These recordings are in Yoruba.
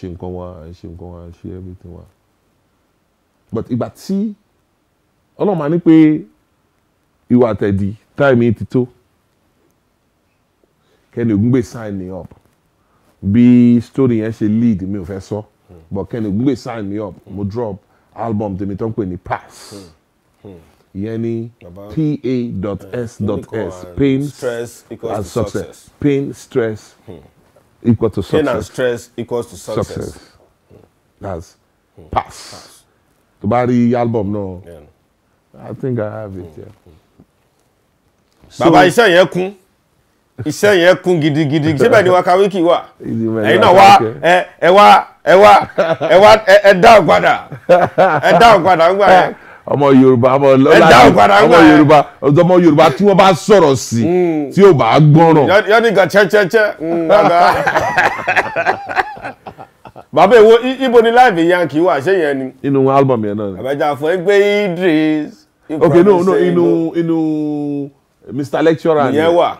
ṣe nǹkan wa à ń ṣe nǹkan wa à ń ṣe everything wa but ìgbà tí ọlọ́run máa ní pé ìwà àtẹ̀dí táìmì ti tó kẹ́ni ògúngbè sign me up bí story yẹn ṣe lead mi ò fẹ́ sọ but kẹ́ni ògúngbè sign me up mo drop album tèmi tó ń pè ní pass. Hmm. Hmm ìyẹn ni pa.s.s pain and success pain stress equal to success. Pain and stress equals to success. success. That's mm. pass. To buy the album no. Yeah. I think I have it. Yeah. So, Bàbá iṣẹ́ yẹn kún iṣẹ́ yẹn kún gidigidi síbẹ̀ ni waka wiki wà ẹ̀yin náà wá ẹ wá ẹ wá ẹ wá ẹ dá ọ̀gbadà ẹ dá ọ̀gbadà ń gbà yẹn ọmọ yorùbá ọmọ ọlọ́lá ọmọ yorùbá ọmọ yorùbá tí wọ́n bá sọ̀rọ̀ sí hmm. tí ò bá gbọ́ràn. yọ́nì kan chẹ́chẹ́chẹ́ bàbá èwo ibo ni láìpẹ́ yankee wà ṣé yẹn ni. inú album yẹn náà ni. àbẹ̀jà fún ẹgbẹ́ Idris. ok no no inú inú Mr Lecturer ni. ìyẹn wà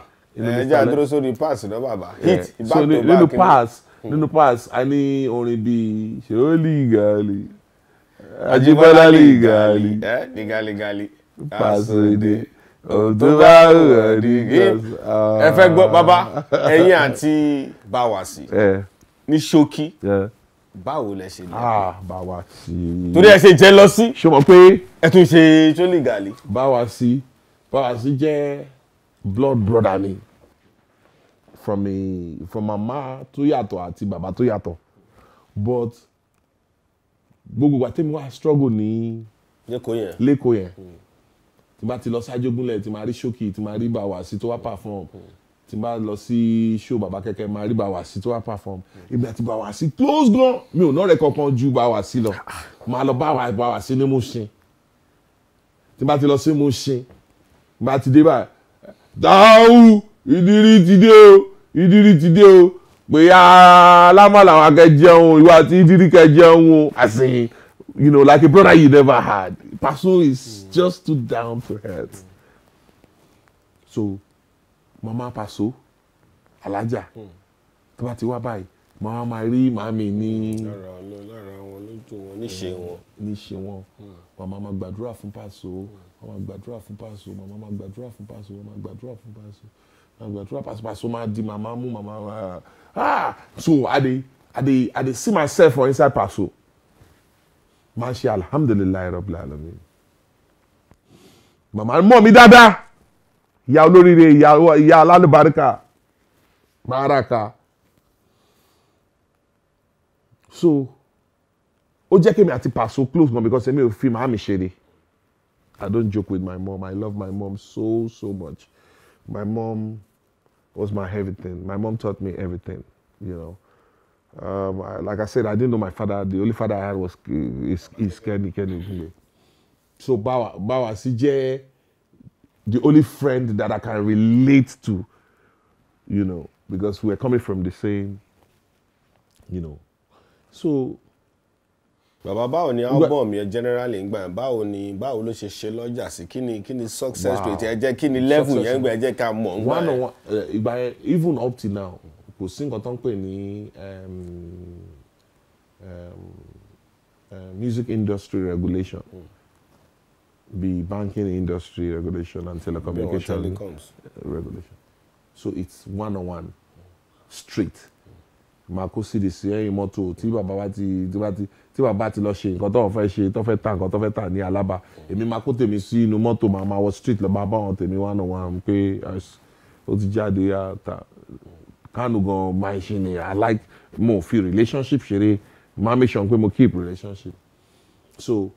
ẹ̀ẹ́dẹ́ àdúró sórí pass náà bàbá eh, hit back to back. nínú pass hmm. nínú pass a ní orin bíi ṣe ó lè gàlè. Ajíbọ́lá lè gàlí. Ní gàlígàlí. Pàṣẹdé. Òtó bá rọ̀ ní gàlí. Ẹ fẹ́ gbọ́ ah. bàbá ẹ̀yin àti Báwàsí ní ṣókí báwo lẹ ṣe lẹ. ah Báwàsí. torí ẹ ṣe jẹ lọ sí. ṣé o mọ̀ pé. ẹ tún ṣe jolly gali. Bawasi, bawasi jẹ́ blood brother ni from a from mama tó yàtọ̀ àti bàbá tó yàtọ̀ but gbogbo ìgbà tẹ́mi wá struggle ní lẹ́kọ̀ọ́ yẹn hmm. tí bá ti lọ sájógúnlẹ̀ tí máa rí ṣókì tí máa rí Bawasi tó wá perform hmm. tí bá lọ sí show bàbá kẹ́kẹ́ máa rí Bawasi tó wá perform ìgbà tí Bawasi close gan mi ò nọ́ọ̀rẹ́ kankan ju Bawasi lọ máa lọ Bawasi ní Mushin tí bá ti lọ sí Mushin bá ti dé báyìí dáhùn ìdírí ti dé o ìdírí ti dé o pé alámà làwọn akẹ́jẹun ìwà àti ìdírí kẹjẹun àsìn you know like a brother you never had Paso is mm. just too down to earth mm. so mama Paso alaja, hmm. tó bá ti wá báyìí màá máa rí màmí ní. lára lára wọn lójú hmm. wọn níṣe wọn. níṣe hmm. wọn màmá máa gbàdúrà fún Paso màmá máa gbàdúrà fún Paso màmá máa gbàdúrà fún Paso màmá máa gbàdúrà fún Paso màmá gbàdúrà Paso Paso máa di màmá mú màmá máa ah so i dey i dey i dey see myself for inside paso manṣe alhamdulilayi rabbi alamin màmá mọ̀ mí dáadáa ìyá olóríire ìyá ìyá alálùbáríkà báraka so ó jẹ́ kémi àti paso close mọ́ because èmi ò fi màámi ṣeré i don joke with my mom i love my mom so so much my mom was my everything. My mom taught me everything, you know. Um, I, like I said, I didn't know my father. The only father I had was is is Kenny Kenny Gume. So Bawa Bawa CJ, the only friend that I can relate to, you know, because we're coming from the same, you know. So bàbá báwo ni album yẹn generally ń gbà báwo ni báwo ló ṣe ṣe lọ́jà sí kí ni kí ni success rate ẹ jẹ́ kí ni level yẹn gbà ẹ jẹ́ ká mọ̀ ń gbà ẹ. Eh, ìgbà yẹn even up till now kò sí nǹkan tó ń pè ní eh, music industry regulation mm. bí banking industry regulation and telecommunication regulation so it's one on one straight màá kó cdc ẹyin mọ́tò tí bàbá wa ti tí bá ti. Mm tí bàbá ti lọ ṣe nǹkan tó fẹ́ ṣe tó fẹ́ tà nǹkan tó fẹ́ tà ní Alábà èmi máa kó tèmi sí inú mọ́tò máa máa wọ street lọ́ba bá wọn tèmi wá náà wọn pé ó ti jáde ta Kánò gan máa ṣe ni I like mo fi relationship ṣeré máa make sure pé mo keep relationship so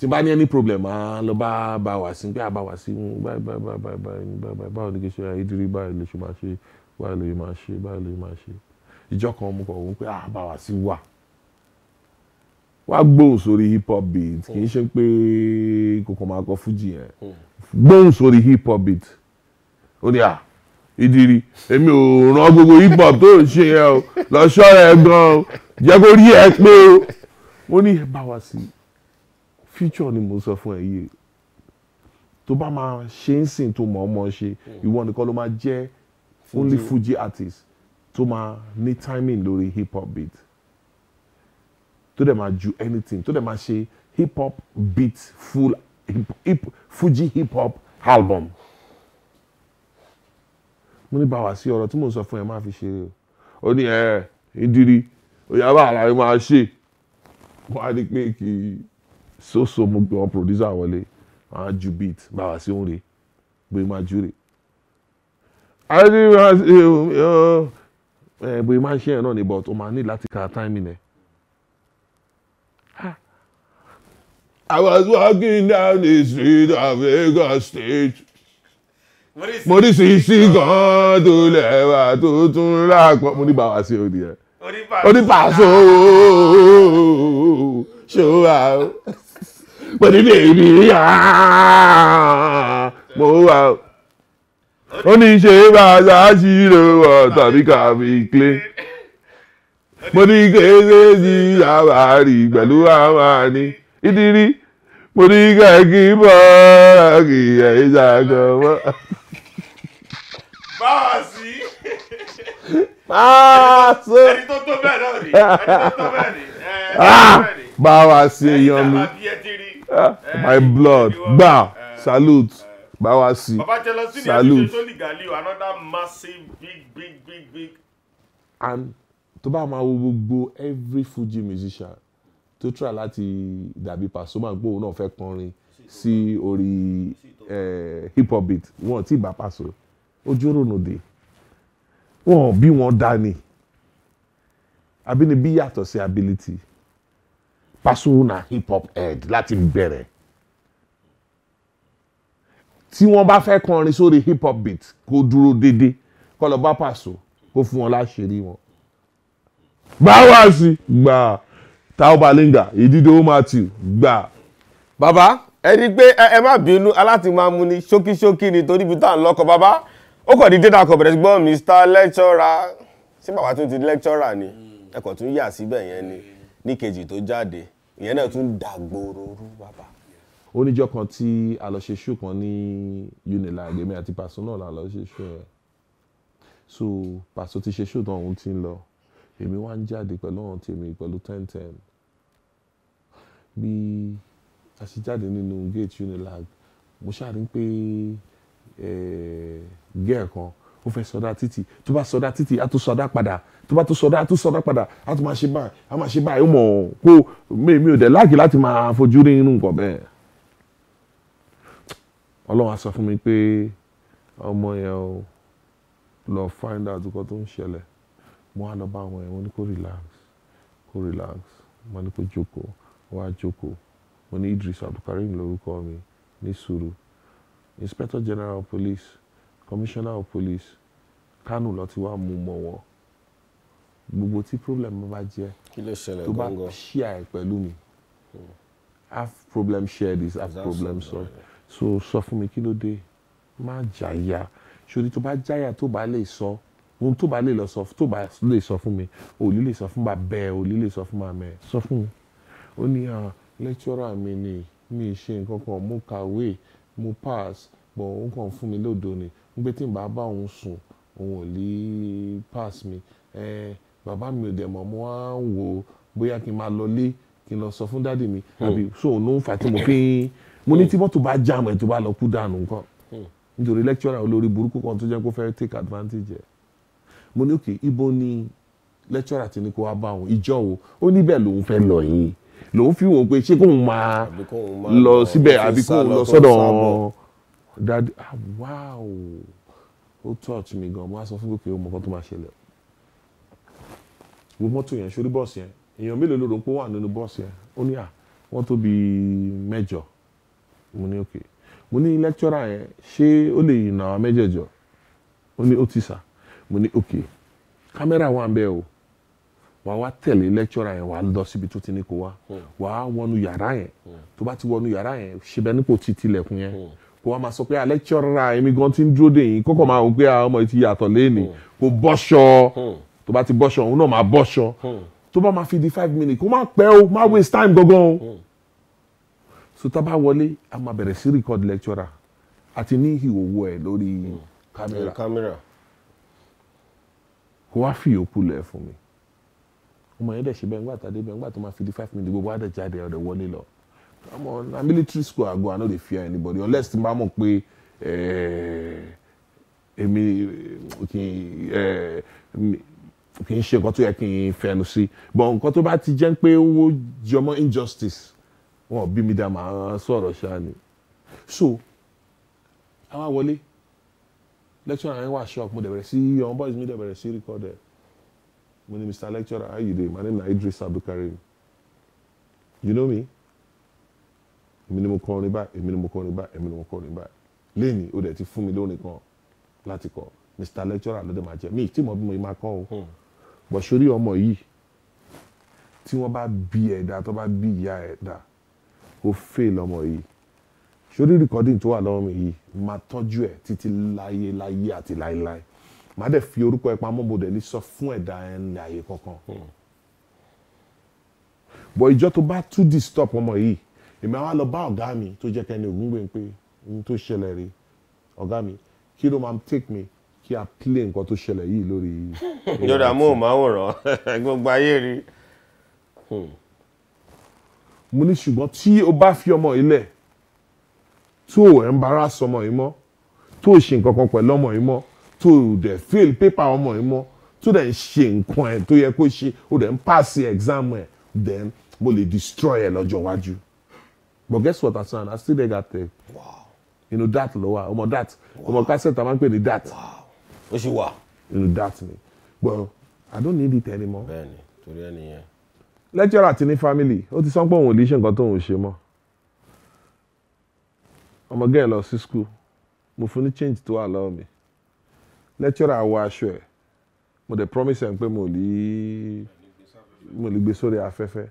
tí n bá ní any problem máa lọ bá bá wà sí pé àbá wà sí báyìí báyìí báyìí báyìí báyìí báyìí báwo ni kì í ṣe ìdírí báyìí lè ṣe máa ṣe báyìí lè máa ṣe báyìí lè máa ṣe ìjọ kan mo kọ̀ wọ́n pé àbá ah, wà sí wà wá gbóhùn sórí hip hop beat kì í ṣe pé kòkò máa kọ fújì yẹn gbóhùn sórí hip hop beat ó ní à ìdìrí èmi ò ràn gbogbo hip hop tó ń ṣe yẹn o lọ ṣọ́ra ẹ gan o jẹ́ kó rí ẹ pé o mo ní ẹ bá wa sí future ni mo sọ fún ẹ yìí tó bá máa ṣe ń sìn tó mọ̀ ọ́ ṣe ìwọ nìkan ló máa jẹ́ only fuji artist tó máa ní timing lórí hip hop beat tó dẹ̀ máa ju anything tó dẹ̀ máa ṣe hip hop beat full hip, hip, fuji hip hop album. mo ní báwa sí ọ̀rọ̀ tí mò ń sọ fún ẹ máa fi ṣeré o ó ní ẹ ìdírí òyàbá àlàyé máa ṣe wọ́n á ní pé kì í soso mo gbé wọn producer wọlé máa ju beat báwa sí òun rè bóyá máa ju rè. a ní máa ṣe ẹ bóyá máa ṣe ẹ náà ní but o máa ní láti ka timing ẹ. I was walking down the street of Lagos State. Mo ní sisi kan tó lẹ́wà tó tún lápọ̀. Mo ní bàwá sí òdì ẹ̀. Mo ní pàṣọ ṣòwà o. Mo ní bèbí yá. Mo wà o. Ó ní ṣe bàtà ṣírò wọ̀ tàbí kàbí clé mo ní kéde sí àwárí pẹ̀lú àwọn àní ìdírí mo ní kàkí bọ́ kì í ẹ̀ ìṣàkọ́ mọ́. báwa sí. ẹni tó tó bẹ́ẹ̀ náà rí ẹni tó tó bẹ́ẹ̀ rí báwa sí èèyàn mi ah, eh, my blood gbà eh, salute eh. báwa sí salute. another massive big big big big. and tó bá máa wo gbogbo every Fuji musician tó try láti dàbí Pasuma gbóhùn náà fẹ́ kọrin sí orí hip hop beat wọn ti bá Paso ojú ronòde wọn bí wọn dání àbínibí yàtọ̀ sí ability Paso na hip hop head láti bẹ̀rẹ̀ tí wọ́n bá fẹ́ kọrin sórí hip hop beat kó dúró déédéé kó lọ bá Paso kó fún wọn láṣìírí wọn. báwa sí gbà Tao Balenga Ìdídòwò Matthew gbà. bàbá ẹni pé ẹ má bínú aláti máa mú ni ṣókíṣókí ni torí ibi tá à ń lọkọ bàbá ó kàn ní data kọ̀ bẹ̀rẹ̀ sí gbọ́n Mr lecturer ṣé bàbá tún ti lecturer ni ẹ kàn tún yà síbẹ̀ yẹn ni ní kejì tó jáde ìyẹn náà tún dàgbòròrú bàbá. ó níjọ́ kan tí a lọ ṣe ṣú kan ní Unilag èmi àti Paso náà la lọ ṣe ṣú yẹn so Paso ti ṣe ṣú tán òun ti ń lọ èmi wá ń jáde pẹ̀lú ọ̀hún tèmi pẹ̀lú ten ten bí a ṣe jáde nínú gate unilag mo ṣáàrí pé gẹ́ẹ̀ kan ó fẹ́ sọdá títì tó bá sọdá títì á tún sọdá padà tó bá tún sọdá á tún sọdá padà á tún máa ṣe báyìí á máa ṣe báyìí ó mọ̀ kó mi ò dẹ̀ láàkì láti máa fojú rí inú nǹkan bẹ́ẹ̀ ọlọ́run á sọ fún mi pé ọmọ yẹn o lọ find out nǹkan tó ń ṣẹlẹ̀ mo wá lọ bá ọmọ yẹn mo ní kó relax kó relax mo ní kó jókòó ó wá jókòó mo ní Idris Abdulkareem lórúkọ mi ní sùúrù inspector general of police commissioner of police Kánò lọ ti wá mú mọ wọn gbogbo tí problem bá jẹ tó bá share ẹ pẹ̀lú mi hmm. have problem shared is have problem solve so sọ fún mi kí ló dé má jàyà ṣòrí tó bá jàyà tó bá lè sọ. So, ohun tó bá lè lọ sọ tó bá lè sọ fún mi ò lè lè sọ fún bàbá ẹ ò lè lè sọ fún màmá ẹ sọ fún mi ó ní à lẹ́kítọ́rà mi ni mi ṣe nǹkan kan mo kàwé mo pass bọ̀ ó kàn fún mi lódo ni n pé tí n bá bá òun sùn òun ò lè pass mi ẹ bàbá mi ò dẹ̀ mọ̀ mo á wò ó bóyá kí n máa lọ lé kí n lọ sọ fún dáàdì mi hmm. àbí so òun ló ń fà tí mo fi ń mo ní hmm. tí mọ́tò bá jàmọ̀ ẹ̀ tó bá lọ kú dànù nǹkan hmm. nítorí lẹ́kítọ́rà olórí burúkú kan tó jẹ́ kó fẹ́ take advantage ẹ̀ mo ní òkè ibo ni lecturer ti ní kó wá bá òun ìjọ wo ó níbẹ̀ lòun fẹ́ lọ yìí lòun fi wọn pé ṣé kóun máa lọ síbẹ̀ àbí kóun lọ sọ́dọ̀ dadi ah wow ó touch mi gan mo á sọ fún mi pé o mọ̀ kó tó máa ṣẹlẹ̀ wo mọ́tò yẹn sórí bọ́ọ̀sì yẹn èèyàn mélòó ló rò pé ó wà nínú bọ́ọ̀sì yẹn ó ní à ah, wọ́n tó bí mẹ́jọ mo ní ok mo ní lecturer yẹn ṣé ó lè yìnà mẹ́jẹ̀jọ ó ní ó ti sà mo ní ok kámẹ́rà wà ń bẹ́ o wà wá tẹ̀lé lecturer yẹn wà á lọ síbi tó ti ní kó wá wà á wọnú yàrá yẹn tó bá ti wọnú yàrá yẹn ṣẹbẹ nípò tí tilẹ̀kùn yẹn kó wá máa sọ pé ah, lecturer èmi gan ti ń dúró dè yín kókò máa wò pé ah, ọmọ yìí ti yàtọ̀ léènì kó bọ́ṣọ tó bá ti bọ́ṣọ òun náà máa bọ́ṣọ tó bá máa fi di five minutes kó má pẹ́ o má waste time gangan o so tá a bá wọlé a máa bẹ̀rẹ̀ sí record lecturer àti ní ìhòòhò ẹ̀ lórí kámẹ́rà kó wá fi yòókù lẹ̀ fún mi ọmọ yẹn dẹ̀ ṣe bẹ́ẹ̀ ńgbà tàdé bẹ́ẹ̀ ńgbà tó máa fi di five minutes gbogbo àdẹ̀ jáde ọ̀dẹ̀ wọlé lọ ọmọ na military school I go I no dey fear anybody unless tí n bá mọ̀ pé eh, èmi eh, kì í eh, ṣe nǹkan tó yẹ kí n fẹnu sí but nǹkan tó bá ti jẹ́ pé owó jọmọ́ injustice wọn ò bí mi dá màá sọ̀rọ̀ ṣáà ni so àwa wọlé lecturer yẹn wà shock mo dẹ̀ bẹ̀rẹ̀ sí àwọn boys mi dẹ̀ bẹ̀rẹ̀ sí record ẹ̀ mo ní mr lecturer how you dey my name na idris abdulkareem you know me èmi ni mo kọ orin báyìí èmi ni mo kọ orin báyìí èmi ni mo kọ orin báyìí lẹ́yìn o dẹ̀ ti fún mi lónìí kan láti kọ mr lecturer ló dẹ̀ máa jẹ mi tí mo bí mo yìí máa kọ́ o hmm. bọ̀ sórí ọmọ yìí tí wọ́n bá bí ẹ̀dá tó bá bí ìyá ẹ̀dá ó fail ọmọ yìí sórí recording tó wà lọ́wọ́ mi yìí máa tọ́jú ẹ̀ títí láyé láyé àti láéláé máa dẹ̀ fi orúkọ ẹ̀ pamọ́ bò dẹ̀ ní sọ fún ẹ̀dá ẹ̀ ní ààyè kankan. Hmm. bọ̀ ìjọ tó bá tún di stop ọmọ yìí èmi àwa lọ bá ọ̀gá mi tó jẹ́ kẹ́ni ògúngbè pé ohun tó ṣẹlẹ̀ rí ọ̀gá mi kí ló máa take me kí a play nǹkan tó ṣẹlẹ̀ yìí lórí. yọ̀dà amóhùnmáwòrán gbogbo ayé rí. Hmm. mo ní ṣùgbọ́n tí o bá fi ọmọ ilẹ̀ tó o embarrass ọmọ yìí mọ́ tó o ṣe nǹkan kan pẹ̀lú ọmọ yìí mọ́ tó o dẹ̀ fail paper ọmọ yìí mọ́ tó dẹ̀ ń ṣe nǹkan ẹ̀ tó yẹ kó ṣe o dẹ̀ ń pass exam ẹ̀ then mo lè destroy ẹ̀ lọ́jọ́ iwájú but guess what as an I still dey that wow. you know that lọ wa ọmọ that ọmọ cassette a máa ń pè ní that ó ṣì wà you know that ni Well, I don't need it anymore. bẹ́ẹ̀ni torí ẹni yẹn. lecturer ti ní family ó ti sọ pé òun ò lè ṣe nǹkan tóun ò ṣe mọ́ ọmọ gẹ́ẹ̀ lọ sí skul mo fún ní change tó wà lọ́wọ́ mi lecturer wọ aṣọ ẹ̀ mo dẹ̀ promise ẹ̀ pé mo lè mo lè gbé sórí afẹ́fẹ́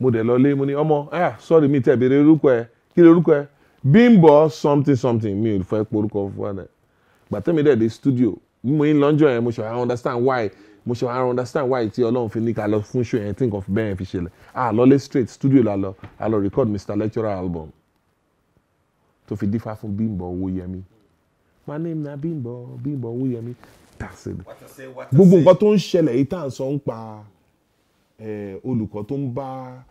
mo dẹ̀ lọ lé mo ní ọmọ ah sorry mi tẹ̀ béèrè orúkọ ẹ kí ni orúkọ ẹ bímbọ something something mi ò fẹ́ porúkọ fún wa náà gbàtẹ́mi dẹ̀ dé studio bí mo yín lọ́njọ́ yẹn mo ṣe I understand why mo ṣe I understand why tí ọlọ́run fi ní ká lọ fún show yẹn think of bẹ́ẹ̀ fi ṣẹlẹ̀ ah lọ́lé straight studio la lọ a lọ record Mr Lecturer album tó fi dífá fún Bímbọ́ Owóyẹmí my name na Bimbo, Bímbọ́ Owóyẹmí tàṣẹ gbogbo nǹkan tó ń ṣẹlẹ̀ yìí tá à ń sọ ń pa olùkọ́ tó ń bá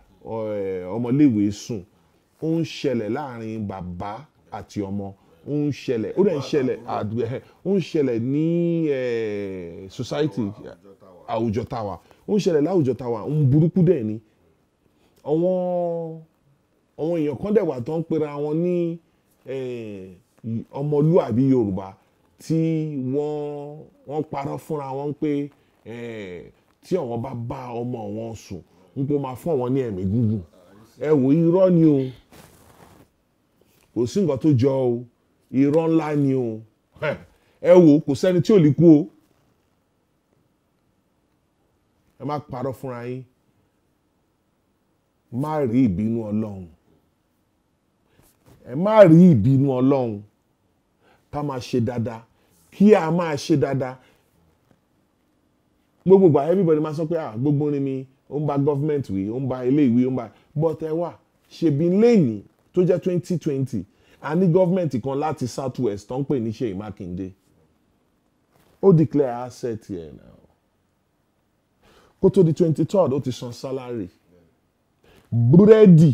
ọmọléèwé sùn ó ń ṣẹlẹ̀ láàrin bàbá àti ọmọ ó ń ṣẹlẹ̀ ó dẹ̀ ń ṣẹlẹ̀ ó ń ṣẹlẹ̀ ní society àwùjọ tàwa ó ń ṣẹlẹ̀ láwùjọ tàwa ń burúkú dẹ̀ ni àwọn àwọn èèyàn kan dẹ̀ wà tó pera wọn ní Eh, ọmọlúàbí yorùbá tí wọ́n wọ́n parọ́ fúnra wọn pé eh, tí àwọn bá bá ọmọ wọn sùn ń pò máa fún àwọn ní ẹ̀mí gígùn ẹ wò irọ́ ni o kò sí nǹkan tó jọ o irọ́ ńlá ni o ẹ wò kò sẹ́ni tí ò lè kú o ẹ má parọ́ fúnra yín má rí ìbínú ọlọ́run ẹ má rí ìbínú ọlọ́run ká máa ṣe dáadáa kí a máa ṣe dáadáa gbogbo ìgbà everybody máa sọ pé ah gbogbo orin mi ó ń ba government wí ó ń ba ilé ìwé ó ń ba but ẹ wà ṣèbí lẹ́yìn tó jẹ́ twenty twenty a ní government kan láti south west tó ń pè ní Ṣèyí Mákindé ó declare asset yẹn náà kó tó di twenty third ó ti san salary búrẹ́dì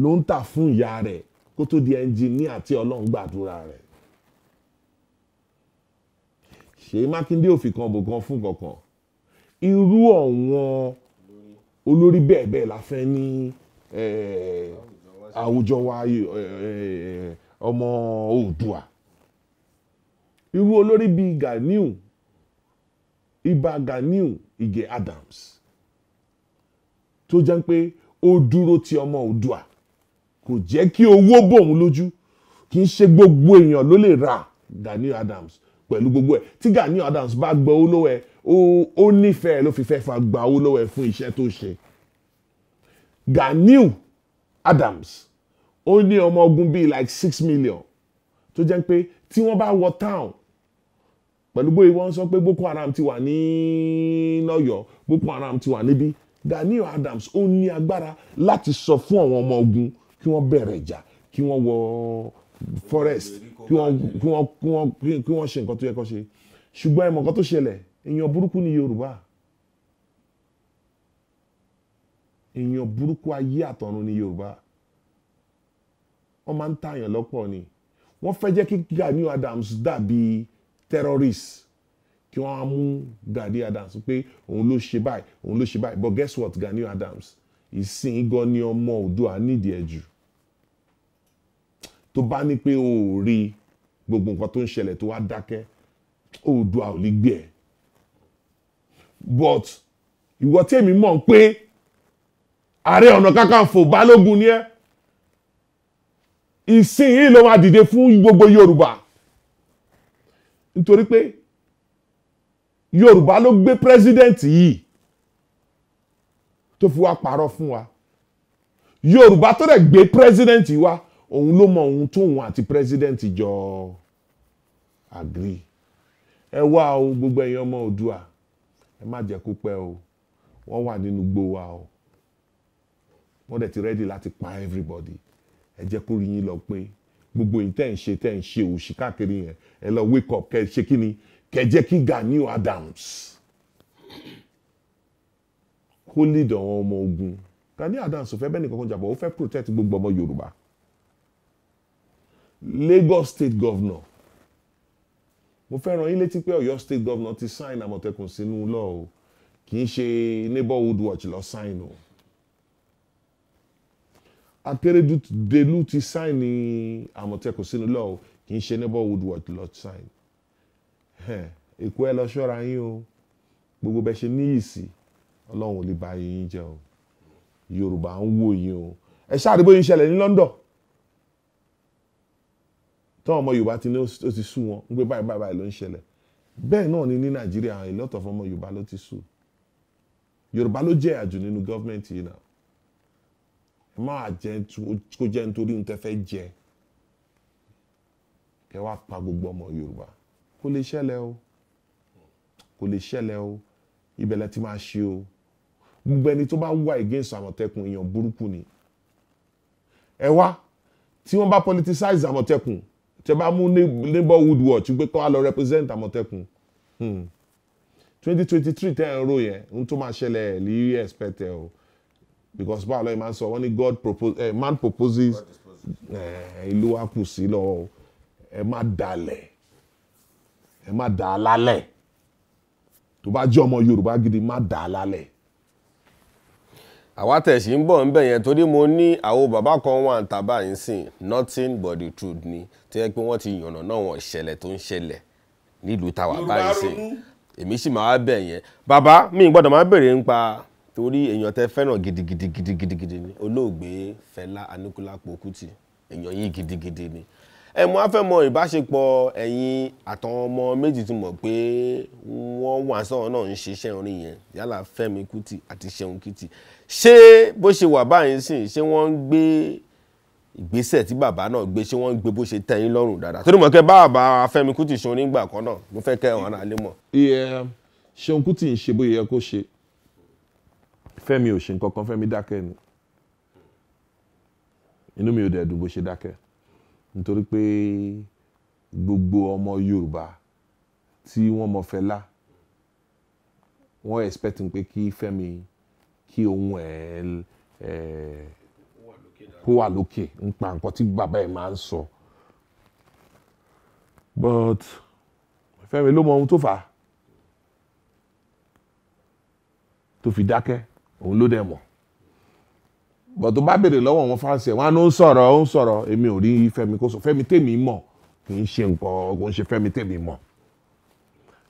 ló ń tà fún ìyá rẹ̀ kó tó di ẹnjìníà tí ọlọ́run gbàdúrà rẹ̀ ṣèyí mákindé òfin kan bò kan fún kankan irú ọ̀wọ́n olórí bẹ́ẹ̀ bẹ́ẹ̀ la fẹ́ ní àwùjọ wa ọmọ oòdùà irú olórí bíi Ganiu Ìbà Ganiu Ìgè Adams tó jẹ́ pé ó dúró ti ọmọ oòdùà kò jẹ́ kí owó bòun lójú kì í ṣe gbogbo èèyàn ló lè ra Gani Adams pẹ̀lú gbogbo ẹ̀ tí Daniel Adams bá gbọ́ owó lọ́wọ́ ẹ̀ ó nífẹ̀ẹ́ ló fi fẹ́ fa gba owó lọ́wọ́ ẹ̀ fún iṣẹ́ tó ṣe Gani Adams ó ní ọmọ ogun bíi like six million tó jẹ́ pé tí wọ́n bá wọ town pẹ̀lú bóyá wọ́n sọ pé Boko Haram ti wà ní lọ́yọ̀ọ́ Boko Haram ti wà níbí Gani Adams ó ní agbára láti sọ fún àwọn ọmọ ogun kí wọ́n bẹ̀rẹ̀ ìjà kí wọ́n wọ forest kí wọ́n kí wọ́n kí wọ́n kí wọ́n ṣe nǹkan tó yẹ kó ṣe ṣùgbọ́n ẹ mọ̀ nǹkan tó ṣẹlẹ̀ èèyàn burúkú ni Yorùbá èèyàn burúkú ayé àtọ̀run ni Yorùbá wọ́n máa ń tààyàn lọ́pọ̀ ni wọ́n fẹ́ jẹ́ kí Gani Adams dàbí terrorist kí wọ́n á mú Gani Adams pé òun ló ṣe báyìí òun ló ṣe báyìí but guess what Gani Adams ìsìn gan ni ọmọ Oòduà nídìí ẹ jù tó bá ní pé o ò rí gbogbo nǹkan tó ń ṣẹlẹ̀ tó wá dákẹ́ Oòduà ò gbé ẹ but ìwọ tèmi mọ̀ pé ààrẹ ọ̀nà kákàǹfò balógun ni ẹ ìsìn yìí ló máa dìde fún gbogbo Yorùbá nítorí pé Yorùbá ló gbé pírẹsidẹ́ǹtì yìí tó fi wá parọ́ fún wa yorùbá tó dẹ̀ gbé pírẹ́sídẹ́ǹtì wa òun ló mọ ohun tó òun àti pírẹ́sídẹ́ǹtì jọ agree ẹ wá o gbogbo ẹ̀yin ọmọ Oòduà ẹ má jẹ́ kó pẹ́ o wọ́n wà nínú gbó wa o wọ́n dẹ̀ ti rẹ́dì láti pa everybody ẹ jẹ́ kó rí yín lọ pé gbogbo yìí tẹ́ ń ṣe tẹ́ ń ṣe òṣì káàkiri yẹn ẹ lọ wake up kẹ́ ṣe kí ni kẹ́ jẹ́ kí Gani Adams. Who lead àwọn ọmọ ogun Gani Adams ò fẹ́ bẹ́ẹ̀ nìkan kan jàbọ̀ ó fẹ́ protect gbogbo ọmọ Yorùbá Lagos state governor mo fẹ́ràn yín létí pé Ọ̀yọ́ state governor ti sign Àmọ̀tẹ́kùn sínú law o kì í ṣe neighborhood watch lọ sign o Akérédolú ti sign Àmọ̀tẹ́kùn sínú law o kì í ṣe neighborhood watch lọ sign Èkó ẹ lọ ṣọ́ra yín o gbogbo bẹ́ẹ̀ ṣe níyì sí i ọlọ́run ò lè bá yín jẹ́ o yorùbá ń wò yín o ẹ ṣáàdì bóyá ìṣẹ̀lẹ̀ ní London táwọn ọmọ yorùbá ti ní ó ti sú wọn ń pé báyìí báyìí ló ń ṣẹlẹ̀ bẹ́ẹ̀ náà ni ní nàìjíríà a lot of ọmọ yorùbá ló ti sú yorùbá ló jẹ́ àjù nínú gọ́ọ̀mẹ̀ntì yìí náà ẹ máa jẹ kó jẹ́ nítorí ohun tẹ́ fẹ́ jẹ kẹ́ wá pa gbogbo ọmọ yorùbá kó lè ṣẹlẹ̀ o kó lè ṣẹlẹ̀ o ibẹ̀ lẹ ti máa ṣe o gbogbo ẹni tó bá wà against àmọ̀tẹ́kùn èèyàn burúkú ni ẹ wá tí wọ́n bá politicize àmọ̀tẹ́kùn tẹ bá mú neighborhood watch pé kọ́ á lọ represent àmọ̀tẹ́kùn hmm. twenty twenty three tẹ́ ẹ̀ ń rò yẹn ohun tó máa ṣẹlẹ̀ ẹ̀ lè rí expect ẹ o because báwo lọ́ọ́ máa ń sọ wọ́n ní God propose eh, man proposes eh, ìlú wa kù sí lọ́wọ́ ẹ má dalẹ̀ ẹ má dà á lálẹ̀ tó bá jẹ́ ọmọ Yorùbá gidi má dà á lálẹ̀ àwa tẹ̀sí ń bọ̀ ń bẹ̀ yẹn torí mo ní àwọn bàbá kan wà ń tàbá yín sìn nothing but the truth ni tí wọ́n pé wọ́n ti yànnà náà wọ́n ìṣẹ̀lẹ̀ tó ń ṣẹlẹ̀ nílùú táwa báyìí sìn èmi sì máa bẹ̀ yẹn bàbá mi gbọ́dọ̀ máa béèrè ń pa torí èèyàn tẹ fẹ́ràn gidigidi gidigidi ni olóògbé Fẹlá anukula Kútì èèyàn yìí gidigidi ni ẹ mọ̀ afẹ́ mọ ìbáṣepọ̀ ẹ̀yin àtàwọn ọmọ méjì tí mọ̀ pé wọ́n wà sọ́wọ́n náà ń ṣiṣẹ́ orin yẹn yálà Fẹ́mi Kútì àti Ṣeun Kútì ṣé bó ṣe wà báyìí sìn ṣé wọ́n ń gbé ìgbésẹ̀ tí bàbá náà gbé ṣé wọ́n ń gbé bó ṣe tẹ́yìn lọ́rùn dáadáa torí mọ̀ kẹ́ bàbá Fẹ́mi Kútì ṣe onígbà kan náà mo fẹ́ kẹ́ ọ̀hún alẹ́ mọ̀. Ṣeun Kútì ń ṣe bó yẹ kó ṣe Fẹ́mi ò ṣe nǹkan kan Fẹ́mi dákẹ́ ni inú mi ò dẹ̀ dùn bó ṣe dákẹ́ nítorí pé gbogbo ọmọ Yorùbá tí wọ́n mọ Fẹlá wọ́n expect pé kí Fẹ́mi kí ohun ẹ̀ ẹ̀ kó wà lókè nípa nǹkan tí bàbá ẹ̀ máa ń sọ but Fẹ́mi ló mọ ohun tó fà á tó fi dákẹ́ òun ló dẹ̀ mọ̀ but tó bá béèrè lọ́wọ́ àwọn fáǹsì ẹ̀ wọ́n á ló ń sọ̀rọ̀ ó ń sọ̀rọ̀ èmi ò rí Fẹ́mi kó sọ Fẹ́mi tèmi mọ̀ kì í ṣe nǹkan kò ń ṣe Fẹ́mi tèmi mọ̀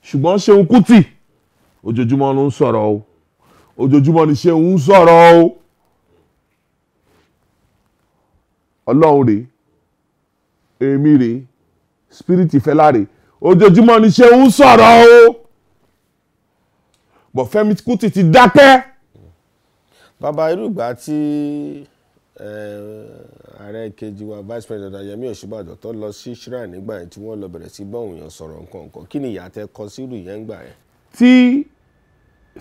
ṣùgbọ́n Ṣeun Kútì ojoojúmọ́ ló ń sọ̀rọ̀ o ojoojúmọ́ ni ṣé ń sọ̀rọ̀ o ọlọ́run rèé èmi rèé spirit ìfẹ́lá rèé ojoojúmọ́ ni ṣé ń sọ̀rọ̀ o bọ̀ Fẹ́mi Kútì ti dákẹ́. bàbá irúgbà tí ààrẹ kejì wa vice president Yẹmí Ọ̀ṣínbàjò tó lọ sí shrine nígbà yẹn tí wọ́n lọ bẹ̀rẹ̀ sí bọ́ọ̀hùn yẹn sọ̀rọ̀ nǹkan nǹkan kí ni ìyàtẹ̀ kọ sírù yẹn ń gbà yẹn. tí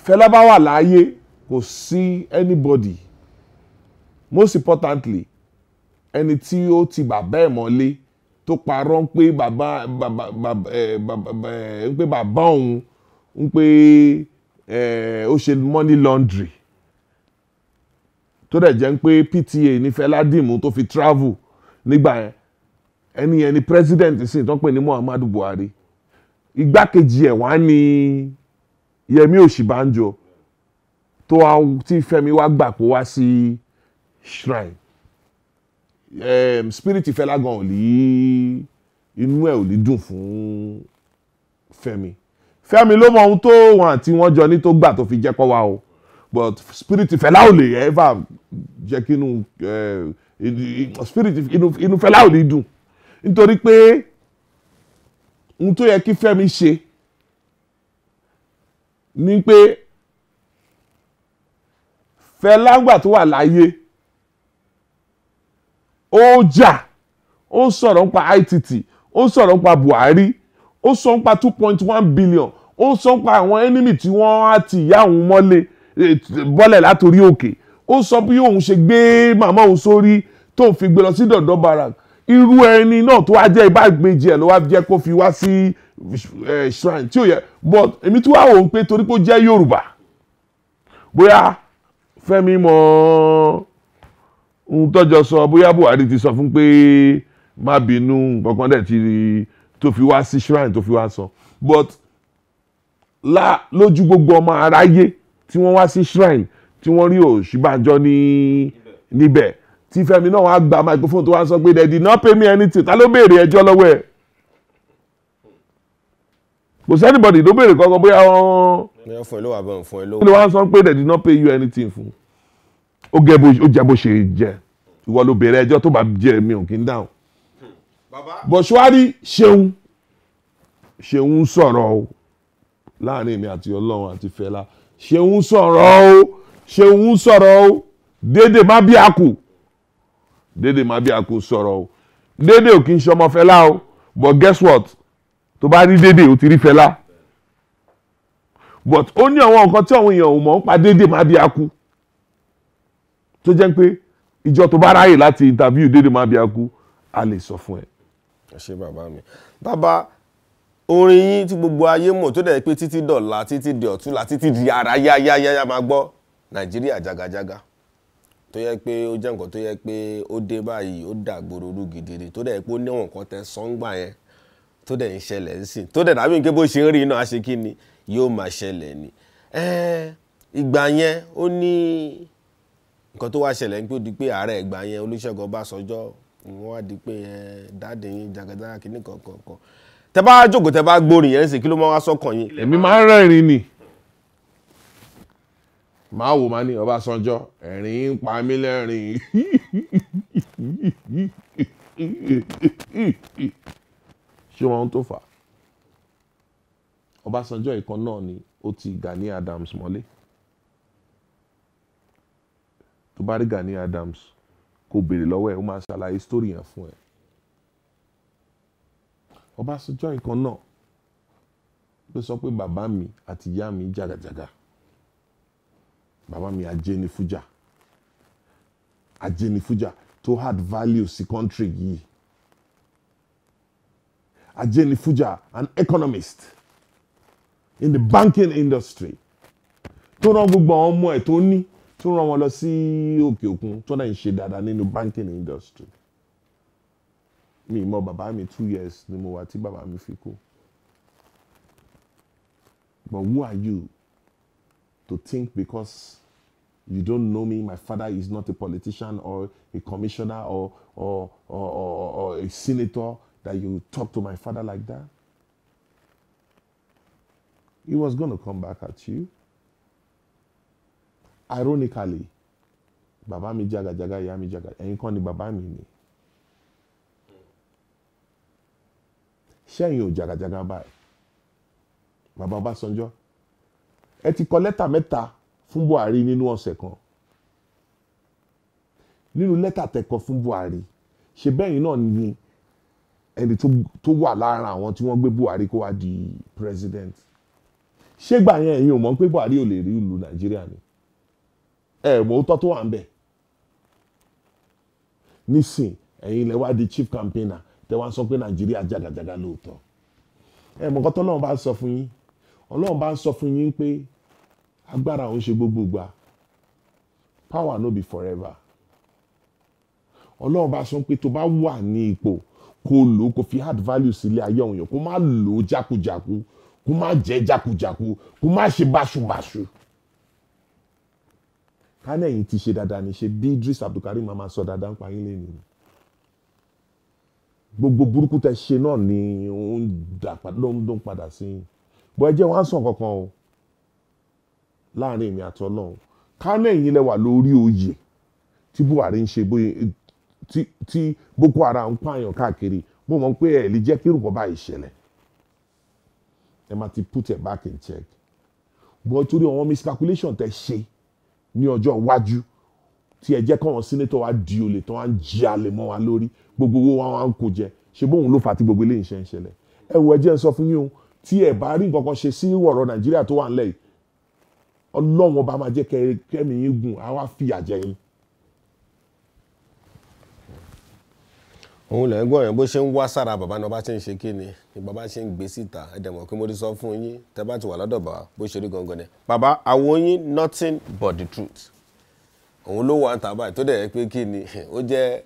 Fẹlá bá wà láàyè kò sí anybody most importantly ẹni tí ó ti bàbá ẹ̀ mọ́lé tó parọ́ ń pé bàbá bàbá bàbá ẹ̀ bàbá ẹ̀ ń pé bàbá òun ń pé ẹ̀ ó ṣe money laundry tó dẹ̀ jẹ́ ń pé PTA ní Fẹlá dìmú tó fi travel nígbà yẹn ẹni yẹn ni president sì tó ń pè ní Muhammadu Buhari igbákejì ẹ̀ wá ní Yẹmi Ọ̀ṣínbàjò tó wá tí Fẹ́mi wá gbà kó wá sí shrine um, spirit Fẹlá gan ò lè inú ẹ̀ ò lè dùn fún Fẹ́mi Fẹ́mi ló mọ ohun tó wọn àti wọn jọ ní tó gbà tó fi jẹ́ kọ́ wa o but spirit Fẹlá ò lè ever jẹ́ kí inú spirit inú Fẹlá ò lè dùn nítorí pé ohun tó yẹ kí Fẹ́mi ṣe ni pé Fẹlá ńgbà tó wà láyé ó jà ó sọ̀rọ̀ nípa ITT ó sọ̀rọ̀ nípa Buhari ó sọ nípa two point one billion ó sọ nípa àwọn enemy tí wọ́n á ti ìyá òun mọ́lé eh, bọ́lẹ̀ látòrí òkè ó sọ bí òun ṣe gbé màmá òun sórí tó fi gbé lọ sí dọ̀dọ̀ barak irú ẹni náà tó wá jẹ́ ìbágbèjì ẹ̀ ló wá jẹ́ kó fi wá sí shrine tí ò yẹ but èmi tí wàá wò ó pé torí pé ó jẹ́ Yorùbá bóyá Fẹ́mi mọ ohun tọ́jọ́ sọ bóyá Buhari ti sọ fún pé má bínú kankan dẹ̀ ti tó fi wá sí shrine tó fi wá sọ but la lójú gbogbo ọmọ aráyé tí wọ́n wá sí shrine tí wọ́n rí Ọ̀ṣínbàjò ní níbẹ̀ tí Fẹ́mi náà wá gba microphone tó wá sọ pé they did not pay me anything ta ló béèrè ẹjọ́ lọ́wọ́ ẹ̀ kò anybody ló béèrè kankan bóyá wọ́n. ẹyọ fún ẹ ló wà bọ̀ fún ẹ ló. wá sọ pé they did not pay you anything fún ó jẹ bó ṣe jẹ ìwọ ló béèrè ẹjọ́ tó bá jẹ mi ò kí ń dáhùn. bọ̀ṣúárì ṣeun ṣeun sọ̀rọ̀ o láàrin èmi àti ọlọ́run àti fẹ́lá ṣeun sọ̀rọ̀ o ṣeun sọ̀rọ̀ o dédé má bí a kù dédè má bí àkó sọ̀rọ̀ o dédè ò kì í ṣọmọ Fẹlá o but guess what To bá rí dédè ó ti rí Fẹlá but ó ní àwọn nǹkan tí àwọn èèyàn ò mọ̀ ń pa dédè má bí àkó tó jẹ́ pé ìjọ tó bá ráyè láti interview Dede má bí àkó a lè sọ fún ẹ. ẹ ṣe bàbá mi bàbá orin yín tí gbogbo ayé mọ̀ tó dẹ̀ pé títí dọ̀la títí di ọ̀túnla títí di ara yáyáyá máa gbọ́ nàìjíríà jagajaga tó yẹ pé ó jẹ́ nǹkan tó yẹ pé ó dé báyìí ó dà gbòòrò rú gidigidi tó dẹ̀ pé ó níwọ̀n nǹkan tẹ sọ́ngbà yẹn tó dẹ̀ ń ṣẹlẹ̀ ń sìn tó dẹ̀ dàbí pé bó ṣe ń rí iná aṣekí ni yóò máa ṣẹlẹ̀ ni ìgbà yẹn ó ní nǹkan tó wá ṣẹlẹ̀ ń pé ó di pé ààrẹ ìgbà yẹn Olúṣẹ́gun Ọbásanjọ́ wọ́n wá di pé dáàdì yín jagadára kìnnìkan kọ̀ọ̀kan tẹ bá jókòó tẹ bá gbórin yẹn ń sìn kí ló máa wá sọ́kàn yín. èmi máa ń rẹ́rìn-ín ni máa wò má ní Ọbásanjọ́ ẹ̀rín ń pa mí lẹ́rìn ṣé wọn tó fà Ọbásanjọ́ ìkan náà ni ó ti Gani Adams mọ́lé tó bá rí Gani Adams kò béèrè lọ́wọ́ ẹ̀ ó máa ṣàlàyé sítórì yẹn fún ẹ Ọbásanjọ́ ìkan náà ló sọ pé bàbá mi àti ìyá mi jàgàjàgà bàbá mi ajénifújà ajénifújà tó add value sí country yìí ajénifújà an economist in the banking industry tó rán gbogbo àwọn ọmọ ẹ̀ tó ní tó rán wọn lọ sí òkè òkun tó náà ń ṣe dáadáa nínú banking industry mi mọ baba, mi two years ni mo wà tí bàbá mi fi kú but who are you to think because you don't know me, my father is not a politician or a commissioner or, or, or, or, or a senator, that you talk to my father like that. He was going to come back at you. Ironically, Baba mi jaga ìyá mi jaga, ẹ̀yin kọ́ ni bàbá mi ni. Ṣẹ́yìn ò jagajaga báyìí. Bàbá Ọbásanjọ́ ẹ ti kọ lẹ́tà mẹ́ta fún Buhari nínú ọ̀sẹ̀ kan nínú lẹ́tà tẹ̀kọ fún Buhari ṣe bẹ́yìn náà ni ẹni tó wà lára àwọn tí wọ́n gbé Buhari kó wá di president ṣégbà yẹn ẹ̀yin ò mọ̀ pé Buhari ò lè rí ìlú Nàìjíríà ni ẹ mọ̀ ó tọ́ tó wà ń bẹ̀ nísìn ẹ̀yin lẹ wá di chief campaigner tẹ wá sọ pé Nàìjíríà jàgàjàgà lóòótọ́ ẹ mọ̀ kọ́tọ́ náà bá sọ fún yín Ọlọ́run bá sọ fún yín pé agbára ò ń ṣe gbogbo gbà power no be forever ọlọ́run bá sọ pé tó bá wà ní ipò kó lò ó kó fi add value sílé ayé ọ̀hún yẹn kó má lò ó jákujàku kó má jẹ́ jákujàku kó má ṣe báṣubàṣu kánẹ̀yìn ti ṣe dáadáa ní ṣe bí Idris Abdulkarim máa máa sọ dáadáa ń pa yín lẹ́nu gbogbo burúkú tẹ ṣe náà ni ó ń padà sí bọ́ ẹ jẹ́ wọ́n á sàn kankan o láàrin èmi àti ọlọ́run kánú ẹ̀yin lẹ́wà lórí oyè tí buhari ń ṣe tí boko haram ń pààyàn káàkiri mo mọ̀ pé ẹ̀ lè jẹ́ kí irú bọ́bá ìṣẹ̀lẹ̀ ẹ máa ti put it back in check bọ́ torí àwọn miscalculation tẹ ṣe ní ọjọ́ iwájú tí ẹ jẹ́ káwọn senator wa di olè tán wá ń jí alẹ́ mọ́ wa lórí gbogbo owó wa wá ń kó jẹ ṣe bóun ló fà á tí gbogbo eléyìí ṣe ń ṣẹlẹ̀ ẹ wọ ẹ jẹ́ ń sọ fún yín o tí ẹ bá rí nǹkan kan ṣe sí ọ̀rọ̀ nàìjíríà tó wà ńlẹ̀ yìí ọlọ́run ọba máa jẹ́ kẹ́mi gùn á wá fìyà jẹ yín. òun lè gbọ́ yẹn bó ṣe ń wá sára bàbá náà bá ṣe ń ṣe kí ni ni bàbá ṣe ń gbé síta ẹ̀dẹ̀mọ̀ kí mo ti sọ fún yín tẹ́ bá ti wà lọ́dọ̀ bàbá bó ṣe rí gangan ni. bàbá àwọn yín nothing but the truth òun ló wà ń tà tó dẹ̀ pé kí ni ó jẹ́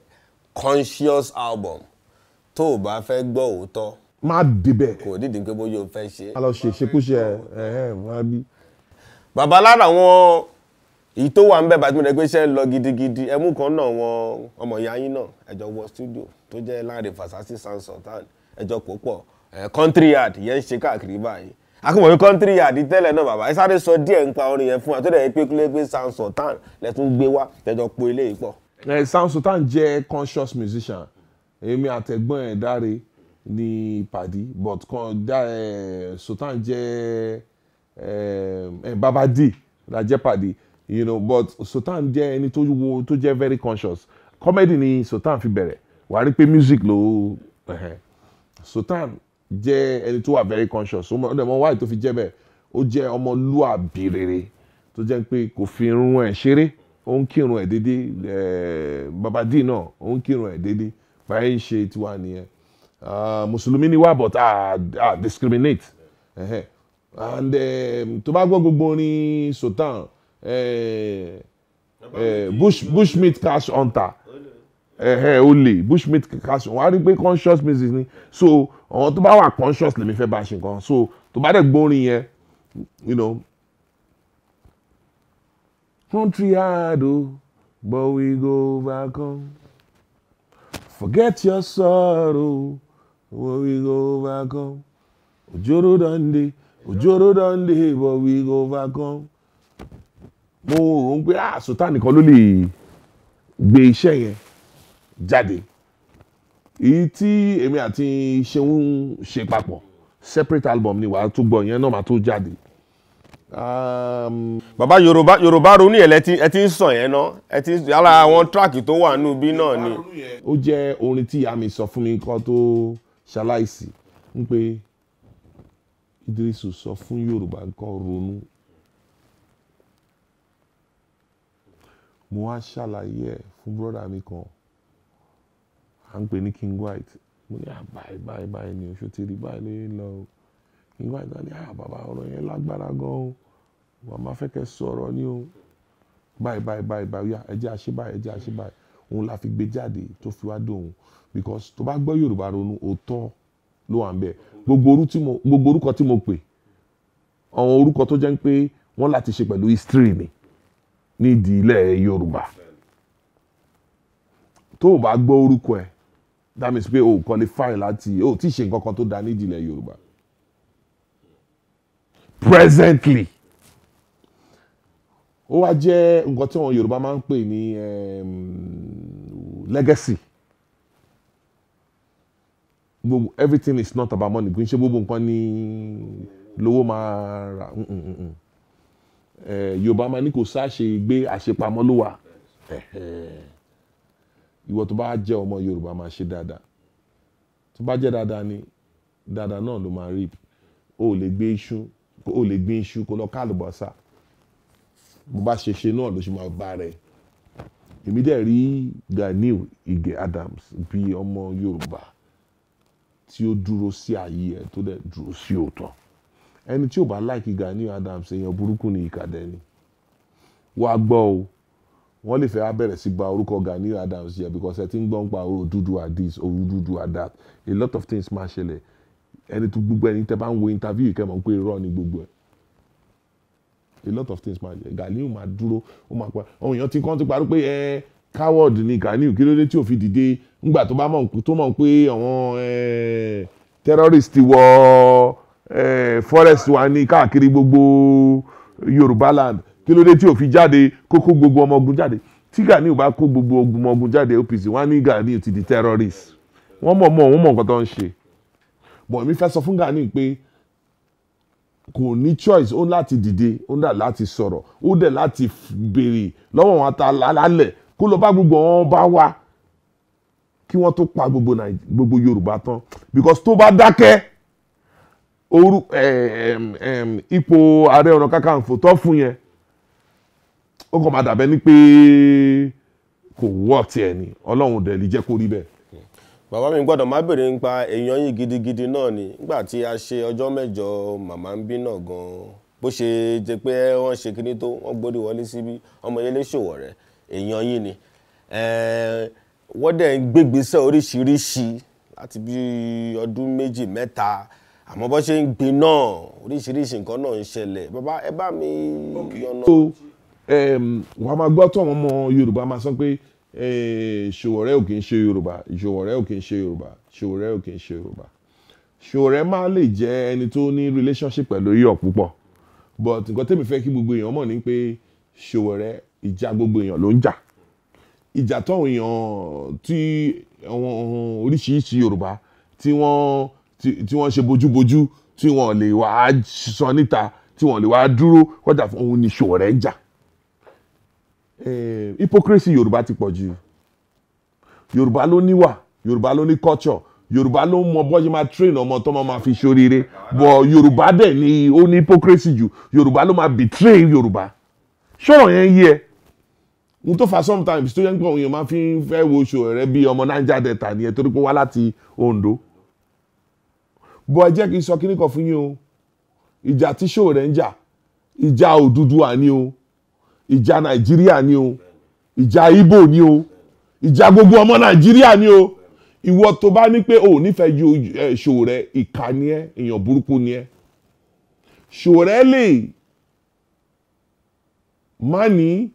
conscious album tó o bá fẹ́ gbọ́ òótọ́. má dìbẹ̀. kò dídì pé bóyá o fẹ́ ṣe. a lọ ṣe ìṣekúṣe ẹ ẹ wọn bí bàbá lára àwọn èyí tó wà ń bẹ̀ bàtí mo rẹ̀ pé iṣẹ́ ń lọ gidigidi ẹmú kan náà wọn ọmọ ìyá yín náà ẹjọ́ wọ studio tó jẹ́ láàrin fasasi sound sultan ẹjọ́ country yard yẹn ń ṣe káàkiri báyìí akọ̀wé country yard tẹ́lẹ̀ náà bàbá ẹ sáré sọ díẹ̀ nípa orin yẹn fún wa tó dẹ̀ pé kílé pé sound sultan lẹ́tún gbé wá tẹ́jọ́ po ilé pọ̀. sound jẹ́ conscious musician èmi àtẹ̀gbọ́n ẹ̀ dáre ní ìpàdé but sultan jẹ́ Um, um, Baba D Jeopardy you know but Sultan jẹ́ ẹni tó wo tó jẹ́ very conscious comedy ni Sultan fi bẹ̀rẹ̀ wàá rí pé music ló uh-huh. Sultan jẹ́ ẹni tó wà very conscious ó dẹ̀ mọ̀ wáyé tó fi jẹ́ bẹ́ẹ̀ ó jẹ́ ọmọlúàbí rere tó jẹ́ pé kò fi irun ẹ̀ ṣeré ó ń kírun ẹ̀ dédé um, Baba D náà ó ń kírun ẹ̀ dédé báyìí ń ṣe tiwa nìyẹn ah, mùsùlùmí ni wà but ah, ah discriminate. Uh-huh and um, tó bá gbọ́ gbogbo orin sultan eh, eh, bush bushmeat cash hunter ó eh, lè bushmeat cash hunter wọ́n á rí pé conscious music ni so àwọn tó bá wà conscious lèmi fẹ́ bá ṣe nǹkan so tó bá dẹ̀ gbórin yẹn you know country hard o oh, but we go overcome forget your sorrow but we go overcome ojoro don òjòrò don dey but we go overcome mo rò ń pé ah sultan nìkan ló lè gbé iṣẹ́ yẹn jáde èyí tí èmi àti Ṣeun ṣe papọ̀ separate album ni wàá tó gbọ́ yẹn náà máa tó jáde. Um, bàbá yorùbá yorùbá ronú yẹn ẹ ti ń sàn yẹn náà ẹ ti yàrá àwọn tíráàkì tó wà nínú ibi náà ni. ó jẹ́ orin tí ìyá mi sọ fún mi kan tó ṣaláìsí ń pé. Idrisu sọ fún Yorùbá kan ronú mo wá ṣàlàyé ẹ̀ fún brọ́dà mi kan à ń pè ní King White mo ní àbáyé báyìí báyìí ni oṣù ti rí báyìí lóye lọ o King White náà ní à ọ̀rọ̀ yẹn lágbára gan o màmá fẹ́ kẹ́ sọ̀rọ̀ ni o báyìí báyìí báyìí báyìí ẹ jẹ́ àṣẹ báyìí ẹ jẹ́ àṣẹ báyìí òun la fi gbé jáde tó fi wá dòun because tó bá gbọ́ Yorùbá ronú òótọ́ ló wà ń bẹ́ẹ̀ gbogbo orúkọ tí mo pè àwọn orúkọ tó jẹ́ ń pé wọ́n láti ṣe pẹ̀lú history mi nídìí ilẹ̀ Yorùbá tó o bá gbọ́ orúkọ ẹ̀ that means pé o kò lè fáìn láti o ti ṣe nǹkan kan tó da nídìí ilẹ̀ Yorùbá presently ó wá jẹ́ nǹkan tí àwọn Yorùbá máa ń pè ní ehm, legacy gbogbo everything is not about money kì í ṣe gbogbo nǹkan ni lówó máa rà mm, mm, mm, eh, yorùbá máa ní kò sáṣe gbé àṣepamọ́ ló wà eh, ìwọ tó bá jẹ́ ọmọ yorùbá máa ṣe dáadáa tó bá jẹ́ dáadáa ni dáadáa náà ló máa rí o ò lè gbé iṣu o ò lè gbé iṣu kó lọ ká àlùbọ́sà bó bá ṣe ṣe náà ló ṣe máa bá rẹ̀ èmi dẹ̀ rí Ganiu Ige Adams bíi ọmọ yorùbá tí ó dúró sí ààyè ẹ̀ tó dẹ̀ dúró sí òótọ́ ẹni tí ò bá láìkí Gani Adams èèyàn burúkú ni ìkàdẹ́ ni wàá gbọ́ o wọ́n lè fẹ́ wá bẹ̀rẹ̀ sí gba orúkọ Gani Adams yẹ because ẹ ti ń gbọ́n pa oró dúdú àdís oró dúdú àdát a lot of things máa ṣẹlẹ̀ ẹni tó gbogbo ẹni tẹ́ bá ń wo interview kẹ́ mọ̀ pé irọ́ ni gbogbo ẹ̀ a lot of things máa ṣẹlẹ̀ Gani máa dúró ó máa pa àwọn èèyàn ti kàn ti parí pé ẹ coward ni Ganiu kí ló dé tí ò fi dìde ńgbà tó bá mọ̀ tó mọ̀ pé àwọn terrorist wọ forest wa ní káàkiri gbogbo Yorùbá land kí ló dé tí ò fi jáde kó kó gbogbo ọmọ ogun jáde tí Ganiu bá kó gbogbo ọmọ ogun jáde OPC wọ́n ní Ganiu ti di terrorist wọ́n mọ̀ mọ̀ wọ́n mọ̀ nǹkan tó ń ṣe bọ̀ èmi fẹ́ sọ fún Ganiu pé kò ní choice ó láti dìde ó dà láti sọ̀rọ̀ ó dẹ̀ láti béèrè lọ́wọ́ wọn ta lálẹ́ kó lọ bá gbogbo wọn bá wa kí wọ́n tó pa gbogbo gbogbo Yorùbá tán because tó bá dákẹ́ oru ipò ààrẹ ọ̀nà kakanfò tó fún yẹn ó kàn máa dàbẹ́ ni pé kò wọ́ tiẹ̀ ni ọlọ́run dẹ̀ lè jẹ́ kó rí bẹ́ẹ̀. bàbá mi gbọ́dọ̀ má bèrè nípa èèyàn yìí gidigidi náà ni nígbà tí a ṣe ọjọ́ mẹ́jọ màmá ń bí gan-an bó ṣe jẹ́ pé wọ́n ṣe kinní tó wọ́n gbórí wọlé síbí ọmọ yẹlé ṣòwò rẹ̀ èèyàn yín ni wọ́n dẹ̀ ń gbégbésẹ̀ oríṣiríṣi láti bí ọdún méjì mẹ́ta àmọ́ bó ṣe ń gbé náà oríṣiríṣi nǹkan náà ń ṣẹlẹ̀ bàbá ẹ bá mi yànnà. wàá máa gbọ́ tọ̀wọ́n ọmọ Yorùbá máa sọ pé Ṣòwòrẹ́ ò kì í ṣe Yorùbá Ṣòwòrẹ́ ò kì í ṣe Yorùbá Ṣòwòrẹ́ ò kì í ṣe Yorùbá Ṣòwòrẹ́ máa lè jẹ́ ẹni tó ní relationship pẹ̀lú yọ̀ púpọ̀ but nǹkan tẹ́mi fẹ́ kí gbogbo èèyàn mọ̀ ni pé Ṣòwòrẹ́ ìjà gbogbo èèyàn ló ń jà ìjà táwọn èèyàn tí àwọn oríṣiríṣi Yorùbá tí wọ́n tí wọ́n ṣe bójúbójú tí wọ́n lè wá sọ níta tí wọ́n lè wá dúró kọjá fún òun ní Ṣòwòrẹ́ ń jà eh, hypocrisy Yorùbá ti pọ̀ jù Yorùbá ló níwà Yorùbá ló ní culture yorùbá ló mọ bọ́jú máa train ọmọ tó máa fi ṣoríire bọ̀ yorùbá dẹ̀ ni ó ní hypocrisy jù yorùbá ló máa betray yorùbá ṣọ̀rọ̀ yẹn yé ẹ n tó fa sometimes tó yẹ kó òun yẹn máa fi ń fẹ́ wo oṣù rẹ bí ọmọ Niger Delta nìyẹn torí pé wá láti Ondo bọ́ ẹ jẹ́ kí n sọ kíní kan fún yín o ìjà tí ṣòwò rẹ̀ ń jà ìjà Odùduwà ni o ìjà Nàìjíríà ni o ìjà Ìgbò ni o ìjà gbogbo ọmọ Nàìjíríà ni o ìwọ tó bá ní pé o nífẹ̀ẹ́ ju ṣòwò rẹ ìkà ni ẹ èèyàn burúkú ni ẹ ṣòwò rẹ lè má ní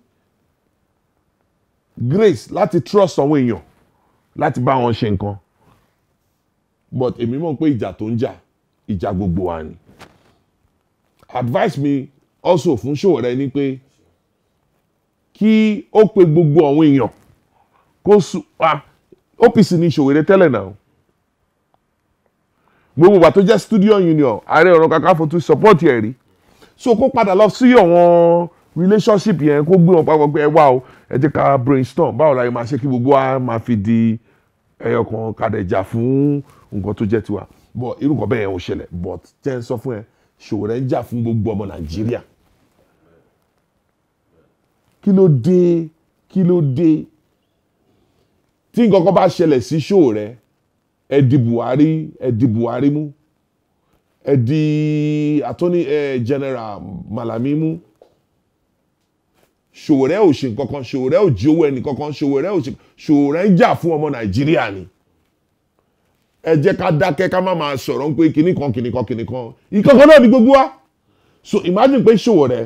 grace láti trust àwọn èèyàn láti bá wọn ṣe nǹkan but èmi mọ̀ pé ìjà tó ń jà ìjà gbogbo wa ni advice mi also fún Ṣòwòrẹ́ ni pé kí ó pe gbogbo àwọn èèyàn kó sùn ah OPC ní Ṣòwòrẹ́ tẹ́lẹ̀ náà gbogbo wa tó jẹ́ studio union ààrẹ ọ̀rọ̀ kàkà fún tún support ẹ̀ rí so kó padà lọ sí àwọn relationship yẹn kó gbé wọn papọ̀ pé ẹ wá o ẹ jẹ́ ká brainstorm báwo la yẹ máa ṣe kí gbogbo wa máa fi di ẹyọ kan kàdẹ̀jà fún nǹkan tó jẹ́ tiwa but irú nǹkan bẹ́ẹ̀ yẹn ò ṣẹlẹ̀ but jẹ́ ń sọ fún ẹ Ṣòwòrẹ́ ń jà fún gbogbo ọmọ Nàìjíríà kí ló dé kí ló dé tí nǹkan kan bá ṣẹlẹ̀ sí Ṣòwòrẹ́ ẹ di Buhari ẹ di Buhari mú ẹ di attorney eh, general Malami mú ṣòwòrẹ́ ò ṣe nǹkan kan ṣòwòrẹ́ ò jí owó ẹnì kankan ṣòwòrẹ́ ò ṣe ṣòwòrẹ́ ń jà fún ọmọ nàìjíríà ni ẹ jẹ́ ká dákẹ́ ká má máa sọ̀rọ̀ ń pé kinní kan kinní kan kinní kan ìkankan náà ni gbogbo wa so imagine pé ṣòwòrẹ́